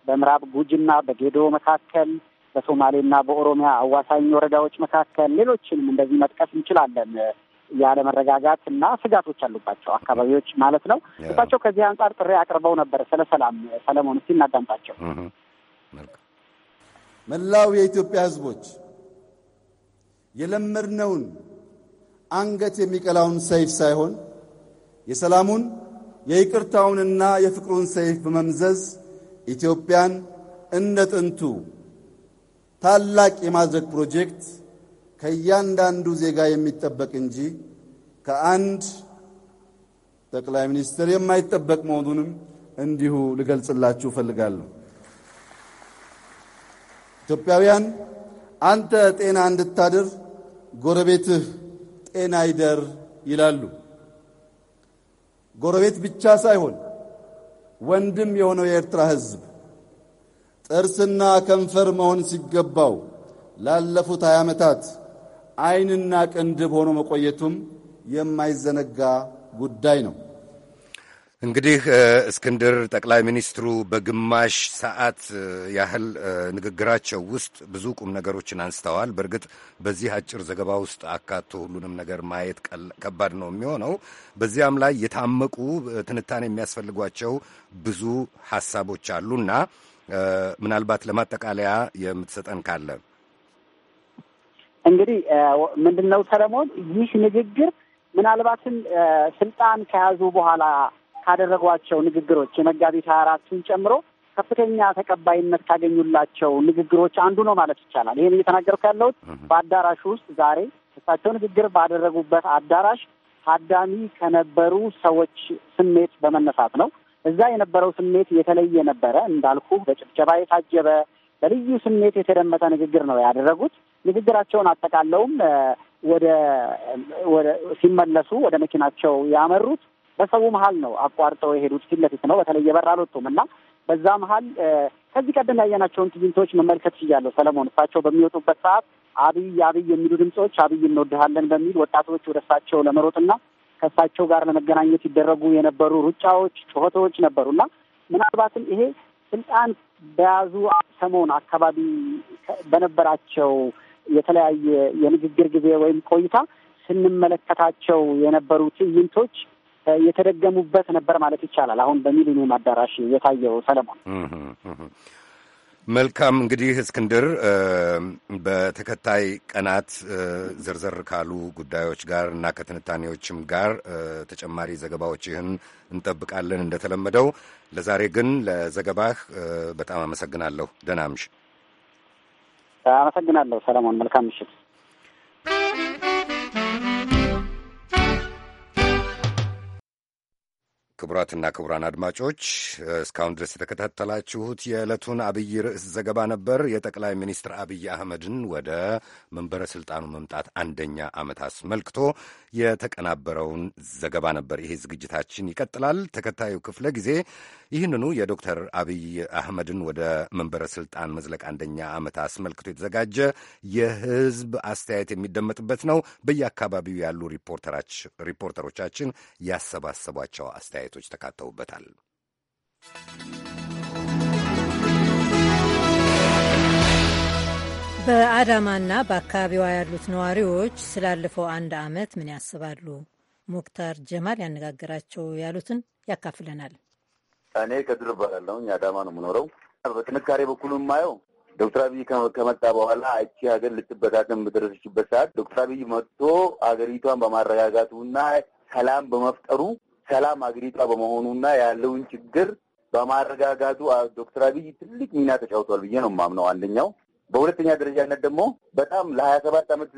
Speaker 9: በምዕራብ ጉጂና በጌዶ መካከል በሶማሌና በኦሮሚያ አዋሳኝ ወረዳዎች መካከል ሌሎችንም እንደዚህ መጥቀስ እንችላለን። ያለመረጋጋት እና ስጋቶች አሉባቸው አካባቢዎች ማለት ነው። እሳቸው ከዚህ አንጻር ጥሪ አቅርበው ነበር ስለ ሰላም። ሰለሞን እስቲ እናዳምጣቸው።
Speaker 3: መላው የኢትዮጵያ ሕዝቦች የለመድነውን አንገት የሚቀላውን ሰይፍ ሳይሆን የሰላሙን የይቅርታውንና የፍቅሩን ሰይፍ በመምዘዝ ኢትዮጵያን እንደ ጥንቱ ታላቅ የማድረግ ፕሮጀክት ከእያንዳንዱ ዜጋ የሚጠበቅ እንጂ ከአንድ ጠቅላይ ሚኒስትር የማይጠበቅ መሆኑንም እንዲሁ ልገልጽላችሁ እፈልጋለሁ። ኢትዮጵያውያን አንተ ጤና እንድታድር ጎረቤትህ ጤና ይደር ይላሉ። ጎረቤት ብቻ ሳይሆን ወንድም የሆነው የኤርትራ ሕዝብ ጥርስና ከንፈር መሆን ሲገባው ላለፉት 20 ዓመታት ዓይንና ቅንድብ ሆኖ መቆየቱም የማይዘነጋ ጉዳይ ነው።
Speaker 1: እንግዲህ እስክንድር ጠቅላይ ሚኒስትሩ በግማሽ ሰዓት ያህል ንግግራቸው ውስጥ ብዙ ቁም ነገሮችን አንስተዋል። በእርግጥ በዚህ አጭር ዘገባ ውስጥ አካቶ ሁሉንም ነገር ማየት ከባድ ነው የሚሆነው። በዚያም ላይ የታመቁ ትንታኔ የሚያስፈልጓቸው ብዙ ሀሳቦች አሉና ምናልባት ለማጠቃለያ የምትሰጠን ካለ
Speaker 9: እንግዲህ ምንድን ነው ሰለሞን፣ ይህ ንግግር ምናልባትም ስልጣን ከያዙ በኋላ ካደረጓቸው ንግግሮች የመጋቢት ሀያ አራቱን ጨምሮ ከፍተኛ ተቀባይነት ካገኙላቸው ንግግሮች አንዱ ነው ማለት ይቻላል። ይህን እየተናገርኩ ያለሁት በአዳራሹ ውስጥ ዛሬ እሳቸው ንግግር ባደረጉበት አዳራሽ ታዳሚ ከነበሩ ሰዎች ስሜት በመነሳት ነው። እዛ የነበረው ስሜት የተለየ ነበረ። እንዳልኩ በጭብጨባ የታጀበ በልዩ ስሜት የተደመጠ ንግግር ነው ያደረጉት። ንግግራቸውን አጠቃለውም ወደ ወደ ሲመለሱ ወደ መኪናቸው ያመሩት በሰው መሀል ነው አቋርጠው የሄዱት። ፊት ለፊት ነው፣ በተለየ በር አልወጡም እና በዛ መሀል ከዚህ ቀደም ያየናቸውን ትዕይንቶች መመልከት ችያለሁ ሰለሞን። እሳቸው በሚወጡበት ሰዓት አብይ አብይ የሚሉ ድምፆች አብይ እንወድሃለን በሚል ወጣቶች ወደ እሳቸው ለመሮጥና ከእሳቸው ጋር ለመገናኘት ይደረጉ የነበሩ ሩጫዎች፣ ጩኸቶች ነበሩ እና ምናልባትም ይሄ ስልጣን በያዙ ሰሞን አካባቢ በነበራቸው የተለያየ የንግግር ጊዜ ወይም ቆይታ ስንመለከታቸው የነበሩ ትዕይንቶች የተደገሙበት ነበር ማለት ይቻላል። አሁን በሚሊኒየም አዳራሽ የታየው ሰለሞን
Speaker 1: መልካም እንግዲህ እስክንድር በተከታይ ቀናት ዝርዝር ካሉ ጉዳዮች ጋር እና ከትንታኔዎችም ጋር ተጨማሪ ዘገባዎችህን እንጠብቃለን። እንደተለመደው ለዛሬ ግን ለዘገባህ በጣም አመሰግናለሁ። ደህና ምሽት።
Speaker 9: አመሰግናለሁ ደህና አመሰግናለሁ ሰለሞን መልካም ምሽት።
Speaker 1: ክቡራትና ክቡራን አድማጮች እስካሁን ድረስ የተከታተላችሁት የዕለቱን አብይ ርዕስ ዘገባ ነበር። የጠቅላይ ሚኒስትር አብይ አህመድን ወደ መንበረ ሥልጣኑ መምጣት አንደኛ ዓመት አስመልክቶ የተቀናበረውን ዘገባ ነበር። ይሄ ዝግጅታችን ይቀጥላል። ተከታዩ ክፍለ ጊዜ ይህንኑ የዶክተር አብይ አህመድን ወደ መንበረ ሥልጣን መዝለቅ አንደኛ ዓመት አስመልክቶ የተዘጋጀ የህዝብ አስተያየት የሚደመጥበት ነው። በየአካባቢው ያሉ ሪፖርተሮቻችን ያሰባሰቧቸው አስተያየት አስተያየቶች ተካተውበታል።
Speaker 2: በአዳማና በአካባቢዋ ያሉት ነዋሪዎች ስላለፈው አንድ ዓመት ምን ያስባሉ? ሙክታር ጀማል ያነጋገራቸው ያሉትን ያካፍለናል።
Speaker 5: እኔ ከድር እባላለሁ። አዳማ ነው የምኖረው። በጥንካሬ በኩል የማየው ዶክተር አብይ ከመጣ በኋላ እቺ ሀገር ልትበታተን በደረሰችበት ሰዓት ዶክተር አብይ መጥቶ ሀገሪቷን በማረጋጋቱና ሰላም በመፍጠሩ ሰላም አገሪቷ በመሆኑና ያለውን ችግር በማረጋጋቱ ዶክተር አብይ ትልቅ ሚና ተጫውቷል ብዬ ነው የማምነው። አንደኛው በሁለተኛ ደረጃነት ደግሞ በጣም ለሀያ ሰባት ዓመት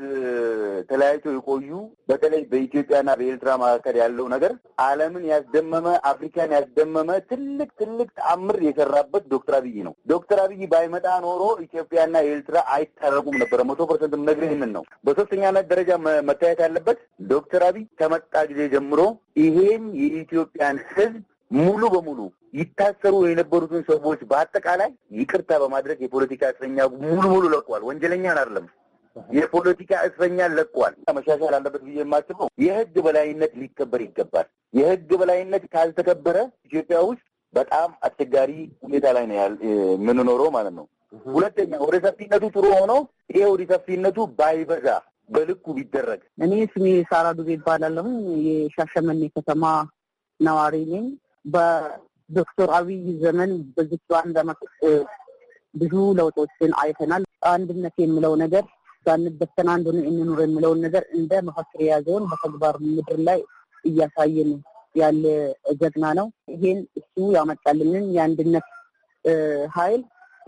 Speaker 5: ተለያይተው የቆዩ በተለይ በኢትዮጵያና በኤርትራ መካከል ያለው ነገር ዓለምን ያስደመመ አፍሪካን ያስደመመ ትልቅ ትልቅ ተአምር የሰራበት ዶክተር አብይ ነው። ዶክተር አብይ ባይመጣ ኖሮ ኢትዮጵያና ኤርትራ አይታረቁም ነበረ። መቶ ፐርሰንት ነግር ይህንን ነው። በሶስተኛነት ደረጃ መታየት ያለበት ዶክተር አብይ ከመጣ ጊዜ ጀምሮ ይሄን የኢትዮጵያን ሕዝብ ሙሉ በሙሉ ይታሰሩ የነበሩትን ሰዎች በአጠቃላይ ይቅርታ በማድረግ የፖለቲካ እስረኛ ሙሉ ሙሉ ለቋል። ወንጀለኛን አይደለም የፖለቲካ እስረኛ ለቋል። መሻሻል አለበት ብዬ የማስበው የህግ በላይነት ሊከበር ይገባል። የህግ በላይነት ካልተከበረ ኢትዮጵያ ውስጥ በጣም አስቸጋሪ ሁኔታ ላይ ነው የምንኖረው ማለት ነው። ሁለተኛ ወደ ሰፊነቱ ጥሩ ሆኖ ይሄ ወደ ሰፊነቱ ባይበዛ በልኩ ቢደረግ።
Speaker 13: እኔ ስሜ ሳራ ዱቤ ይባላለሁ። የሻሸመኔ ከተማ ነዋሪ ነኝ። በዶክተር አብይ ዘመን በዚች አንድ አመት ብዙ ለውጦችን አይተናል። አንድነት የምለው ነገር ሳንበተን አንድ ሆነን እንኑር የምለውን ነገር እንደ መፈክር የያዘውን በተግባር ምድር ላይ እያሳየን ያለ ጀግና ነው። ይሄን እሱ ያመጣልንን የአንድነት ኃይል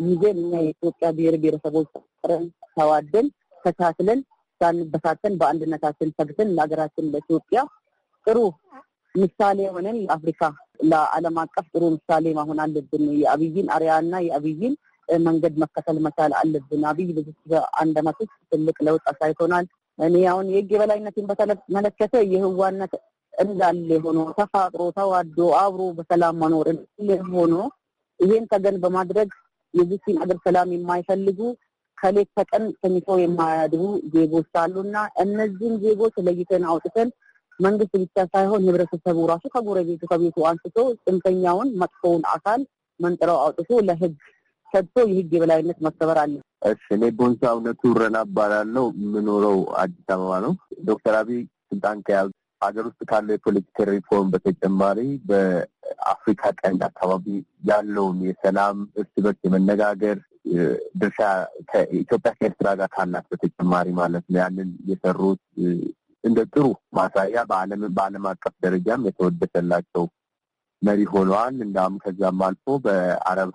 Speaker 13: ይዘን እኛ የኢትዮጵያ ብሔር ብሔረሰቦች ጠረን ተዋደን ተቻችለን ሳንበታተን በአንድነታችን ፈግተን ለሀገራችን ለኢትዮጵያ ጥሩ ምሳሌ የሆነን ለአፍሪካ ለዓለም አቀፍ ጥሩ ምሳሌ መሆን አለብን። የአብይን አርያና የአብይን መንገድ መከተል መቻል አለብን። አብይ ብዙ አንድ አመት ውስጥ ትልቅ ለውጥ አሳይቶናል። እኔ አሁን የህግ የበላይነትን በተመለከተ የህዋነት እንዳለ ሆኖ ተፋቅሮ ተዋዶ አብሮ በሰላም መኖር ሆኖ ይሄን ተገን በማድረግ የዚችን አገር ሰላም የማይፈልጉ ከሌት ተቀን ተኝቶ የማያድሩ ዜጎች አሉና እነዚህን ዜጎች ለይተን አውጥተን መንግስት ብቻ ሳይሆን ህብረተሰቡ ራሱ ከጎረቤቱ ከቤቱ አንስቶ ጽንፈኛውን መጥፎውን አካል መንጥረው አውጥቶ ለህግ ሰጥቶ የህግ የበላይነት መከበር
Speaker 5: አለ። እሺ፣ እኔ ቦንሳ እውነቱ ረና እባላለሁ። የምኖረው አዲስ አበባ ነው። ዶክተር አብይ ስልጣን ከያዙ ሀገር ውስጥ ካለው የፖለቲካ ሪፎርም በተጨማሪ በአፍሪካ ቀንድ አካባቢ ያለውን የሰላም እርስ በርስ የመነጋገር ድርሻ ከኢትዮጵያ ከኤርትራ ጋር ካላት በተጨማሪ ማለት ነው ያንን የሰሩት እንደ ጥሩ ማሳያ በዓለም አቀፍ ደረጃም የተወደሰላቸው መሪ ሆነዋል። እንዳውም ከዚያም አልፎ በአረብ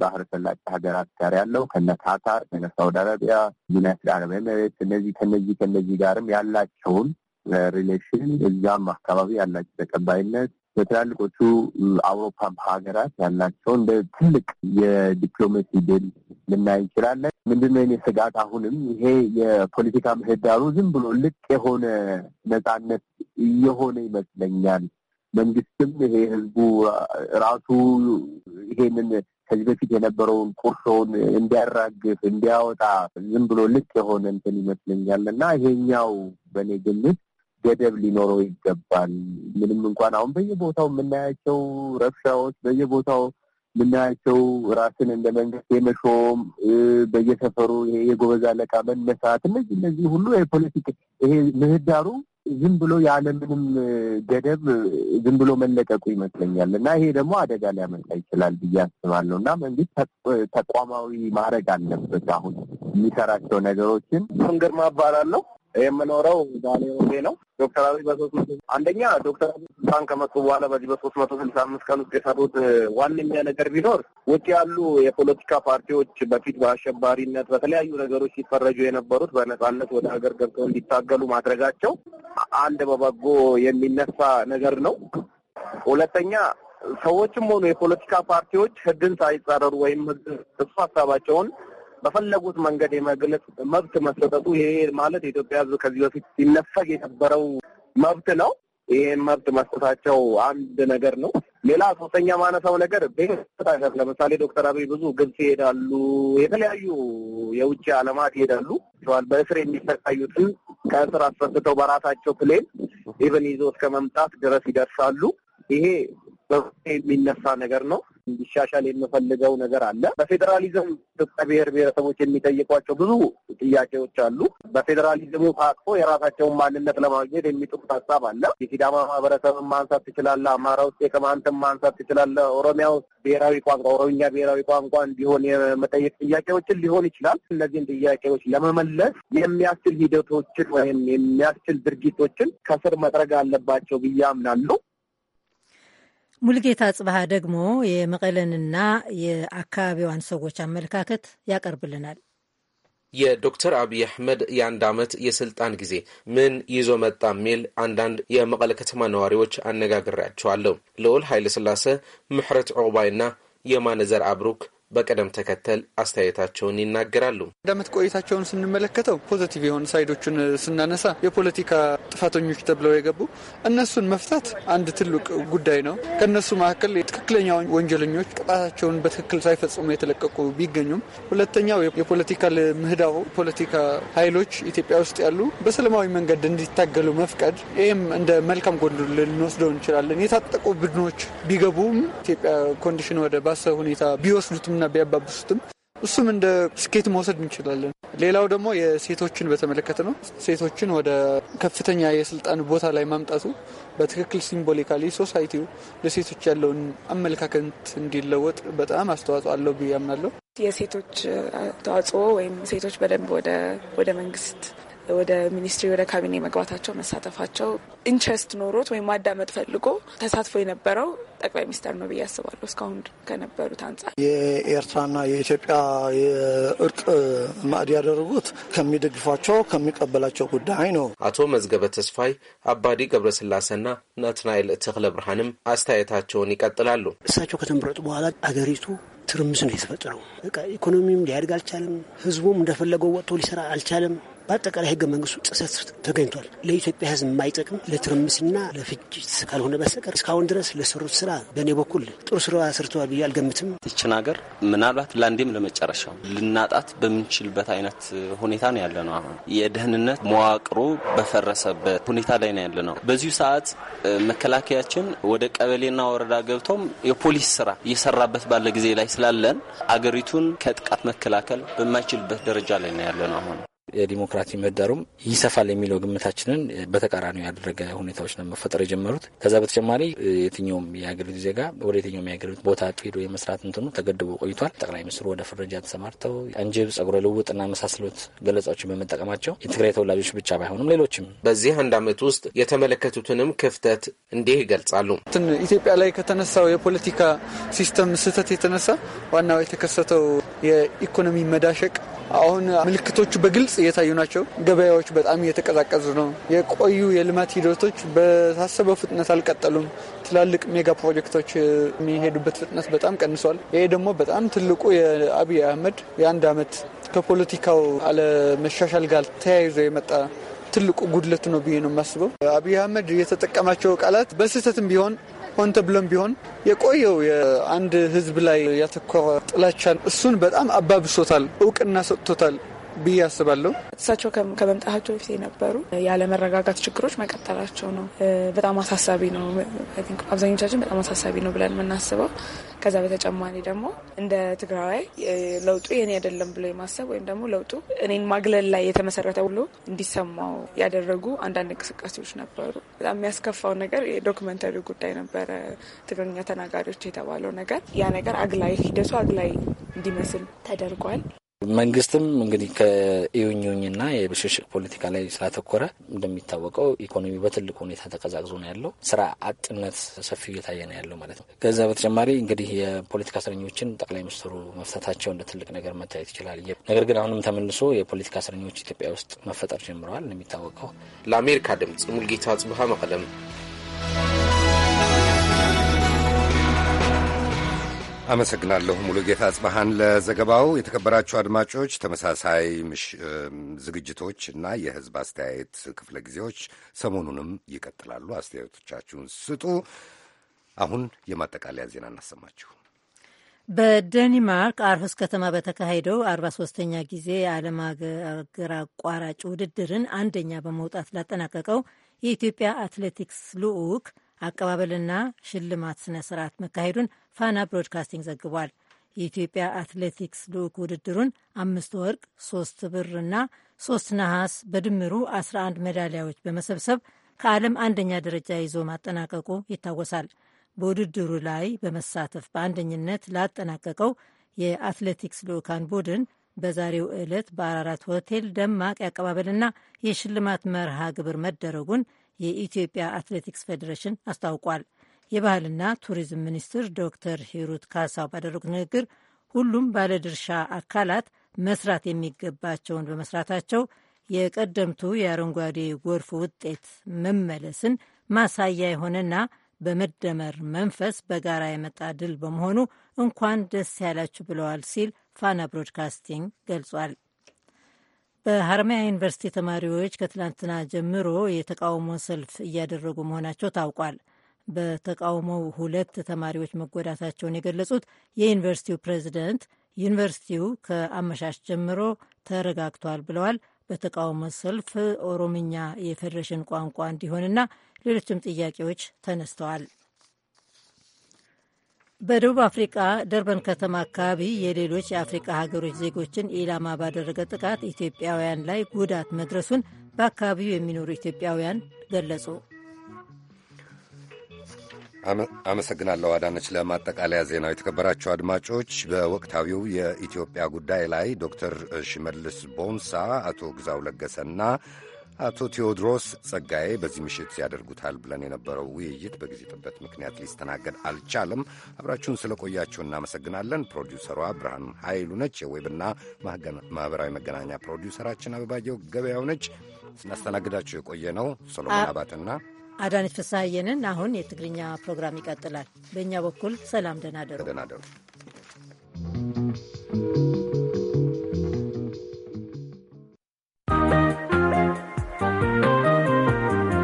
Speaker 5: ባህረ ሰላጤ ሀገራት ጋር ያለው ከነ ካታር፣ ከነ ሳውዲ አረቢያ፣ ዩናይትድ አረብ ኤምሬት እነዚህ ከነዚህ ከነዚህ ጋርም ያላቸውን ሪሌሽን እዛም አካባቢ ያላቸው ተቀባይነት በትላልቆቹ አውሮፓ ሀገራት ያላቸው እንደ ትልቅ የዲፕሎማሲ ድል ልናይ እንችላለን። ምንድነው የኔ ስጋት? አሁንም ይሄ የፖለቲካ ምህዳሩ ዝም ብሎ ልቅ የሆነ ነጻነት እየሆነ ይመስለኛል። መንግስትም ይሄ ህዝቡ ራሱ ይሄንን ከዚህ በፊት የነበረውን ቁርሾውን እንዲያራግፍ እንዲያወጣ ዝም ብሎ ልቅ የሆነ እንትን ይመስለኛል እና ይሄኛው በእኔ ግምት ገደብ ሊኖረው ይገባል። ምንም እንኳን አሁን በየቦታው የምናያቸው ረብሻዎች፣ በየቦታው የምናያቸው ራስን እንደ መንግስት የመሾም በየሰፈሩ የጎበዛ የጎበዝ አለቃ መነሳት፣ እነዚህ እነዚህ ሁሉ የፖለቲክ ይሄ ምህዳሩ ዝም ብሎ ያለምንም ገደብ ዝም ብሎ መለቀቁ ይመስለኛል እና ይሄ ደግሞ አደጋ ሊያመጣ ይችላል ብዬ አስባለሁ እና መንግስት ተቋማዊ ማድረግ አለበት አሁን የሚሰራቸው ነገሮችን ስም ማባላለሁ የምኖረው ዛኔ ሆቴ ነው። ዶክተር አብይ በሶስት መቶ አንደኛ ዶክተር አብይ ስልጣን ከመጡ በኋላ በዚህ በሶስት መቶ ስልሳ አምስት ቀን ውስጥ የሰሩት ዋነኛ ነገር ቢኖር ውጭ ያሉ የፖለቲካ ፓርቲዎች በፊት በአሸባሪነት በተለያዩ ነገሮች ሲፈረጁ የነበሩት በነጻነት ወደ ሀገር ገብተው እንዲታገሉ ማድረጋቸው አንድ በበጎ የሚነሳ ነገር ነው። ሁለተኛ ሰዎችም ሆኑ የፖለቲካ ፓርቲዎች ህግን ሳይጻረሩ ወይም ህግ እሱ ሀሳባቸውን በፈለጉት መንገድ የመግለጽ መብት መሰጠቱ ይሄ ማለት የኢትዮጵያ ሕዝብ ከዚህ በፊት ሲነፈግ የነበረው መብት ነው። ይህም መብት መስጠታቸው አንድ ነገር ነው። ሌላ ሶስተኛ ማነሳው ነገር በህት ለምሳሌ ዶክተር አብይ ብዙ ግብጽ ይሄዳሉ፣ የተለያዩ የውጭ ዓለማት ይሄዳሉ። በእስር የሚሰቃዩትን ከእስር አስፈትተው በራሳቸው ፕሌን ኢቨን ይዞ እስከ መምጣት ድረስ ይደርሳሉ። ይሄ የሚነሳ ነገር ነው። እንዲሻሻል የምፈልገው ነገር አለ። በፌዴራሊዝም ኢትዮጵያ ብሔር ብሔረሰቦች የሚጠይቋቸው ብዙ ጥያቄዎች አሉ። በፌዴራሊዝሙ ታቅፎ የራሳቸውን ማንነት ለማግኘት የሚጥሩት ሀሳብ አለ። የሲዳማ ማህበረሰብን ማንሳት ትችላለ። አማራ ውስጥ የቅማንትን ማንሳት ትችላለ። ኦሮሚያ ውስጥ ብሔራዊ ቋንቋ ኦሮምኛ ብሔራዊ ቋንቋ እንዲሆን የመጠየቅ ጥያቄዎችን ሊሆን ይችላል። እነዚህን ጥያቄዎች ለመመለስ የሚያስችል ሂደቶችን ወይም የሚያስችል ድርጊቶችን ከስር መጥረግ አለባቸው ብዬ አምናለሁ።
Speaker 2: ሙልጌታ ጽብሃ ደግሞ የመቀለንና የአካባቢዋን ሰዎች አመለካከት ያቀርብልናል።
Speaker 5: የዶክተር አብይ አህመድ የአንድ ዓመት የስልጣን ጊዜ ምን ይዞ መጣ የሚል አንዳንድ የመቀለ ከተማ ነዋሪዎች አነጋግሬያቸዋለሁ። ልዑል ኃይለ ስላሴ፣ ምሕረት ዕቁባይና የማነዘር አብሩክ በቅደም ተከተል አስተያየታቸውን ይናገራሉ።
Speaker 11: አንድ ቆይታቸውን ስንመለከተው ፖዘቲቭ የሆኑ ሳይዶቹን ስናነሳ የፖለቲካ ጥፋተኞች ተብለው የገቡ እነሱን መፍታት አንድ ትልቅ ጉዳይ ነው። ከእነሱ መካከል ትክክለኛ ወንጀለኞች ቅጣታቸውን በትክክል ሳይፈጽሙ የተለቀቁ ቢገኙም፣ ሁለተኛው የፖለቲካል ምህዳው ፖለቲካ ኃይሎች ኢትዮጵያ ውስጥ ያሉ በሰላማዊ መንገድ እንዲታገሉ መፍቀድ፣ ይህም እንደ መልካም ጎን ልንወስደው እንችላለን። የታጠቁ ቡድኖች ቢገቡም ኢትዮጵያ ኮንዲሽን ወደ ባሰ ሁኔታ ቢወስዱትም ቢወዱትምና ቢያባብሱትም እሱም እንደ ስኬት መውሰድ እንችላለን። ሌላው ደግሞ የሴቶችን በተመለከተ ነው። ሴቶችን ወደ ከፍተኛ የስልጣን ቦታ ላይ ማምጣቱ በትክክል ሲምቦሊካሊ ሶሳይቲው ለሴቶች ያለውን
Speaker 8: አመለካከት እንዲለወጥ በጣም አስተዋጽኦ አለው ብዬ አምናለሁ። የሴቶች ተዋጽኦ ወይም ሴቶች በደንብ ወደ መንግስት ወደ ሚኒስትሪ ወደ ካቢኔ መግባታቸው መሳተፋቸው ኢንትረስት ኖሮት ወይም ማዳመጥ ፈልጎ ተሳትፎ የነበረው ጠቅላይ ሚኒስተር ነው ብዬ አስባለሁ። እስካሁን ከነበሩት አንጻር
Speaker 5: የኤርትራና የኢትዮጵያ የእርቅ ማዕድ ያደረጉት ከሚደግፏቸው ከሚቀበላቸው ጉዳይ ነው። አቶ መዝገበ ተስፋይ፣ አባዲ ገብረስላሴና ናትናኤል ተክለ ብርሃንም አስተያየታቸውን ይቀጥላሉ። እሳቸው ከተመረጡ በኋላ አገሪቱ ትርምስ ነው የተፈጠረው። ኢኮኖሚም ሊያድግ አልቻለም።
Speaker 13: ህዝቡም እንደፈለገው ወጥቶ ሊሰራ አልቻለም። በአጠቃላይ ህገ መንግስቱ ጥሰት ተገኝቷል። ለኢትዮጵያ ህዝብ የማይጠቅም ለትርምስና ለፍጅት ካልሆነ በስተቀር እስካሁን ድረስ ለሰሩት ስራ በእኔ በኩል ጥሩ ስራ ሰርተዋል ብዬ አልገምትም።
Speaker 12: ይችን ሀገር ምናልባት ለአንዴም ለመጨረሻው ልናጣት በምንችልበት አይነት ሁኔታ ነው ያለ ነው። አሁን የደህንነት መዋቅሩ በፈረሰበት ሁኔታ ላይ ነው ያለ ነው። በዚሁ ሰዓት መከላከያችን ወደ ቀበሌና ወረዳ ገብቶም የፖሊስ ስራ እየሰራበት ባለ ጊዜ ላይ ስላለን አገሪቱን ከጥቃት መከላከል በማይችልበት ደረጃ ላይ ነው ያለ ነው አሁን
Speaker 10: የዲሞክራሲ ምህዳሩም ይሰፋል የሚለው ግምታችንን በተቃራኒው ያደረገ ሁኔታዎች ነው መፈጠር የጀመሩት። ከዛ በተጨማሪ የትኛውም የአገሪቱ ዜጋ ወደ የትኛውም የአገሪቱ ቦታ ሄዶ የመስራት እንትኑ ተገድቦ ቆይቷል። ጠቅላይ ሚኒስትሩ ወደ ፍረጃ ተሰማርተው እንጅብ፣ ጸጉረ ልውጥና መሳሰሉት ገለጻዎችን በመጠቀማቸው የትግራይ ተወላጆች ብቻ ባይሆኑም ሌሎችም
Speaker 4: በዚህ አንድ
Speaker 11: ዓመት ውስጥ የተመለከቱትንም ክፍተት እንዲህ ይገልጻሉ። ኢትዮጵያ
Speaker 10: ላይ ከተነሳው የፖለቲካ
Speaker 11: ሲስተም ስህተት የተነሳ ዋናው የተከሰተው የኢኮኖሚ መዳሸቅ አሁን ምልክቶቹ በግልጽ እየታዩ ናቸው። ገበያዎች በጣም እየተቀዛቀዙ ነው። የቆዩ የልማት ሂደቶች በታሰበው ፍጥነት አልቀጠሉም። ትላልቅ ሜጋ ፕሮጀክቶች የሚሄዱበት ፍጥነት በጣም ቀንሷል። ይሄ ደግሞ በጣም ትልቁ የአብይ አህመድ የአንድ አመት ከፖለቲካው አለመሻሻል ጋር ተያይዞ የመጣ ትልቁ ጉድለት ነው ብዬ ነው የማስበው። አብይ አህመድ የተጠቀማቸው ቃላት በስህተትም ቢሆን ሆን ተብሎም ቢሆን የቆየው የአንድ ህዝብ ላይ ያተኮረ ጥላቻን እሱን በጣም አባብሶታል፣ እውቅና ሰጥቶታል። ብዬ አስባለሁ።
Speaker 8: እሳቸው ከመምጣታቸው በፊት የነበሩ ያለመረጋጋት ችግሮች መቀጠላቸው ነው። በጣም አሳሳቢ ነው። አብዛኞቻችን በጣም አሳሳቢ ነው ብለን የምናስበው። ከዛ በተጨማሪ ደግሞ እንደ ትግራዋይ ለውጡ የኔ አይደለም ብሎ የማሰብ ወይም ደግሞ ለውጡ እኔን ማግለል ላይ የተመሰረተ ብሎ እንዲሰማው ያደረጉ አንዳንድ እንቅስቃሴዎች ነበሩ። በጣም የሚያስከፋው ነገር የዶክመንተሪ ጉዳይ ነበረ። ትግርኛ ተናጋሪዎች የተባለው ነገር ያ ነገር አግላይ ሂደቱ አግላይ እንዲመስል ተደርጓል።
Speaker 10: መንግስትም እንግዲህ ከኢዩኝኝና የብሽሽቅ ፖለቲካ ላይ ስላተኮረ እንደሚታወቀው ኢኮኖሚ በትልቅ ሁኔታ ተቀዛቅዞ ነው ያለው። ስራ አጥነት ሰፊው እየታየ ነው ያለው ማለት ነው። ከዛ በተጨማሪ እንግዲህ የፖለቲካ እስረኞችን ጠቅላይ ሚኒስትሩ መፍታታቸው እንደ ትልቅ ነገር መታየት ይችላል። ነገር ግን አሁንም ተመልሶ የፖለቲካ እስረኞች ኢትዮጵያ ውስጥ መፈጠር ጀምረዋል። እንደሚታወቀው ለአሜሪካ ድምጽ
Speaker 1: ሙልጌታ ጽብሃ መቀለም አመሰግናለሁ ሙሉጌታ አጽባሃን ለዘገባው። የተከበራችሁ አድማጮች ተመሳሳይ ዝግጅቶች እና የህዝብ አስተያየት ክፍለ ጊዜዎች ሰሞኑንም ይቀጥላሉ። አስተያየቶቻችሁን ስጡ። አሁን የማጠቃለያ ዜና እናሰማችሁ።
Speaker 2: በደኒማርክ አርሆስ ከተማ በተካሄደው አርባ ኛ ጊዜ የዓለም አገር አቋራጭ ውድድርን አንደኛ በመውጣት ላጠናቀቀው የኢትዮጵያ አትሌቲክስ ልዑክ አቀባበልና ሽልማት ስነ ስርዓት መካሄዱን ፋና ብሮድካስቲንግ ዘግቧል። የኢትዮጵያ አትሌቲክስ ልዑክ ውድድሩን አምስት ወርቅ፣ ሶስት ብርና ሶስት ነሐስ በድምሩ 11 ሜዳሊያዎች በመሰብሰብ ከዓለም አንደኛ ደረጃ ይዞ ማጠናቀቁ ይታወሳል። በውድድሩ ላይ በመሳተፍ በአንደኝነት ላጠናቀቀው የአትሌቲክስ ልዑካን ቡድን በዛሬው ዕለት በአራራት ሆቴል ደማቅ የአቀባበልና የሽልማት መርሃ ግብር መደረጉን የኢትዮጵያ አትሌቲክስ ፌዴሬሽን አስታውቋል። የባህልና ቱሪዝም ሚኒስትር ዶክተር ሂሩት ካሳው ባደረጉት ንግግር ሁሉም ባለድርሻ አካላት መስራት የሚገባቸውን በመስራታቸው የቀደምቱ የአረንጓዴ ጎርፍ ውጤት መመለስን ማሳያ የሆነና በመደመር መንፈስ በጋራ የመጣ ድል በመሆኑ እንኳን ደስ ያላችሁ ብለዋል ሲል ፋና ብሮድካስቲንግ ገልጿል። በሀረማያ ዩኒቨርሲቲ ተማሪዎች ከትላንትና ጀምሮ የተቃውሞ ሰልፍ እያደረጉ መሆናቸው ታውቋል። በተቃውሞው ሁለት ተማሪዎች መጎዳታቸውን የገለጹት የዩኒቨርሲቲው ፕሬዚደንት ዩኒቨርሲቲው ከአመሻሽ ጀምሮ ተረጋግቷል ብለዋል። በተቃውሞ ሰልፍ ኦሮምኛ የፌዴሬሽን ቋንቋ እንዲሆንና ሌሎችም ጥያቄዎች ተነስተዋል። በደቡብ አፍሪቃ ደርበን ከተማ አካባቢ የሌሎች የአፍሪቃ ሀገሮች ዜጎችን ኢላማ ባደረገ ጥቃት ኢትዮጵያውያን ላይ ጉዳት መድረሱን በአካባቢው የሚኖሩ ኢትዮጵያውያን ገለጹ።
Speaker 1: አመሰግናለሁ አዳነች። ለማጠቃለያ ዜናው የተከበራቸው አድማጮች፣ በወቅታዊው የኢትዮጵያ ጉዳይ ላይ ዶክተር ሽመልስ ቦንሳ፣ አቶ ግዛው ለገሰና አቶ ቴዎድሮስ ጸጋዬ በዚህ ምሽት ያደርጉታል ብለን የነበረው ውይይት በጊዜ ጥበት ምክንያት ሊስተናገድ አልቻለም። አብራችሁን ስለ ቆያችሁ እናመሰግናለን። ፕሮዲውሰሯ ብርሃን ኃይሉ ነች። የዌብና ማኅበራዊ መገናኛ ፕሮዲውሰራችን አበባየው ገበያው ነች። ስናስተናግዳችሁ የቆየ ነው ሰሎሞን
Speaker 2: አባትና አዳነች ፍስሐየንን። አሁን የትግርኛ ፕሮግራም ይቀጥላል። በእኛ በኩል ሰላም፣ ደህና ደሩ።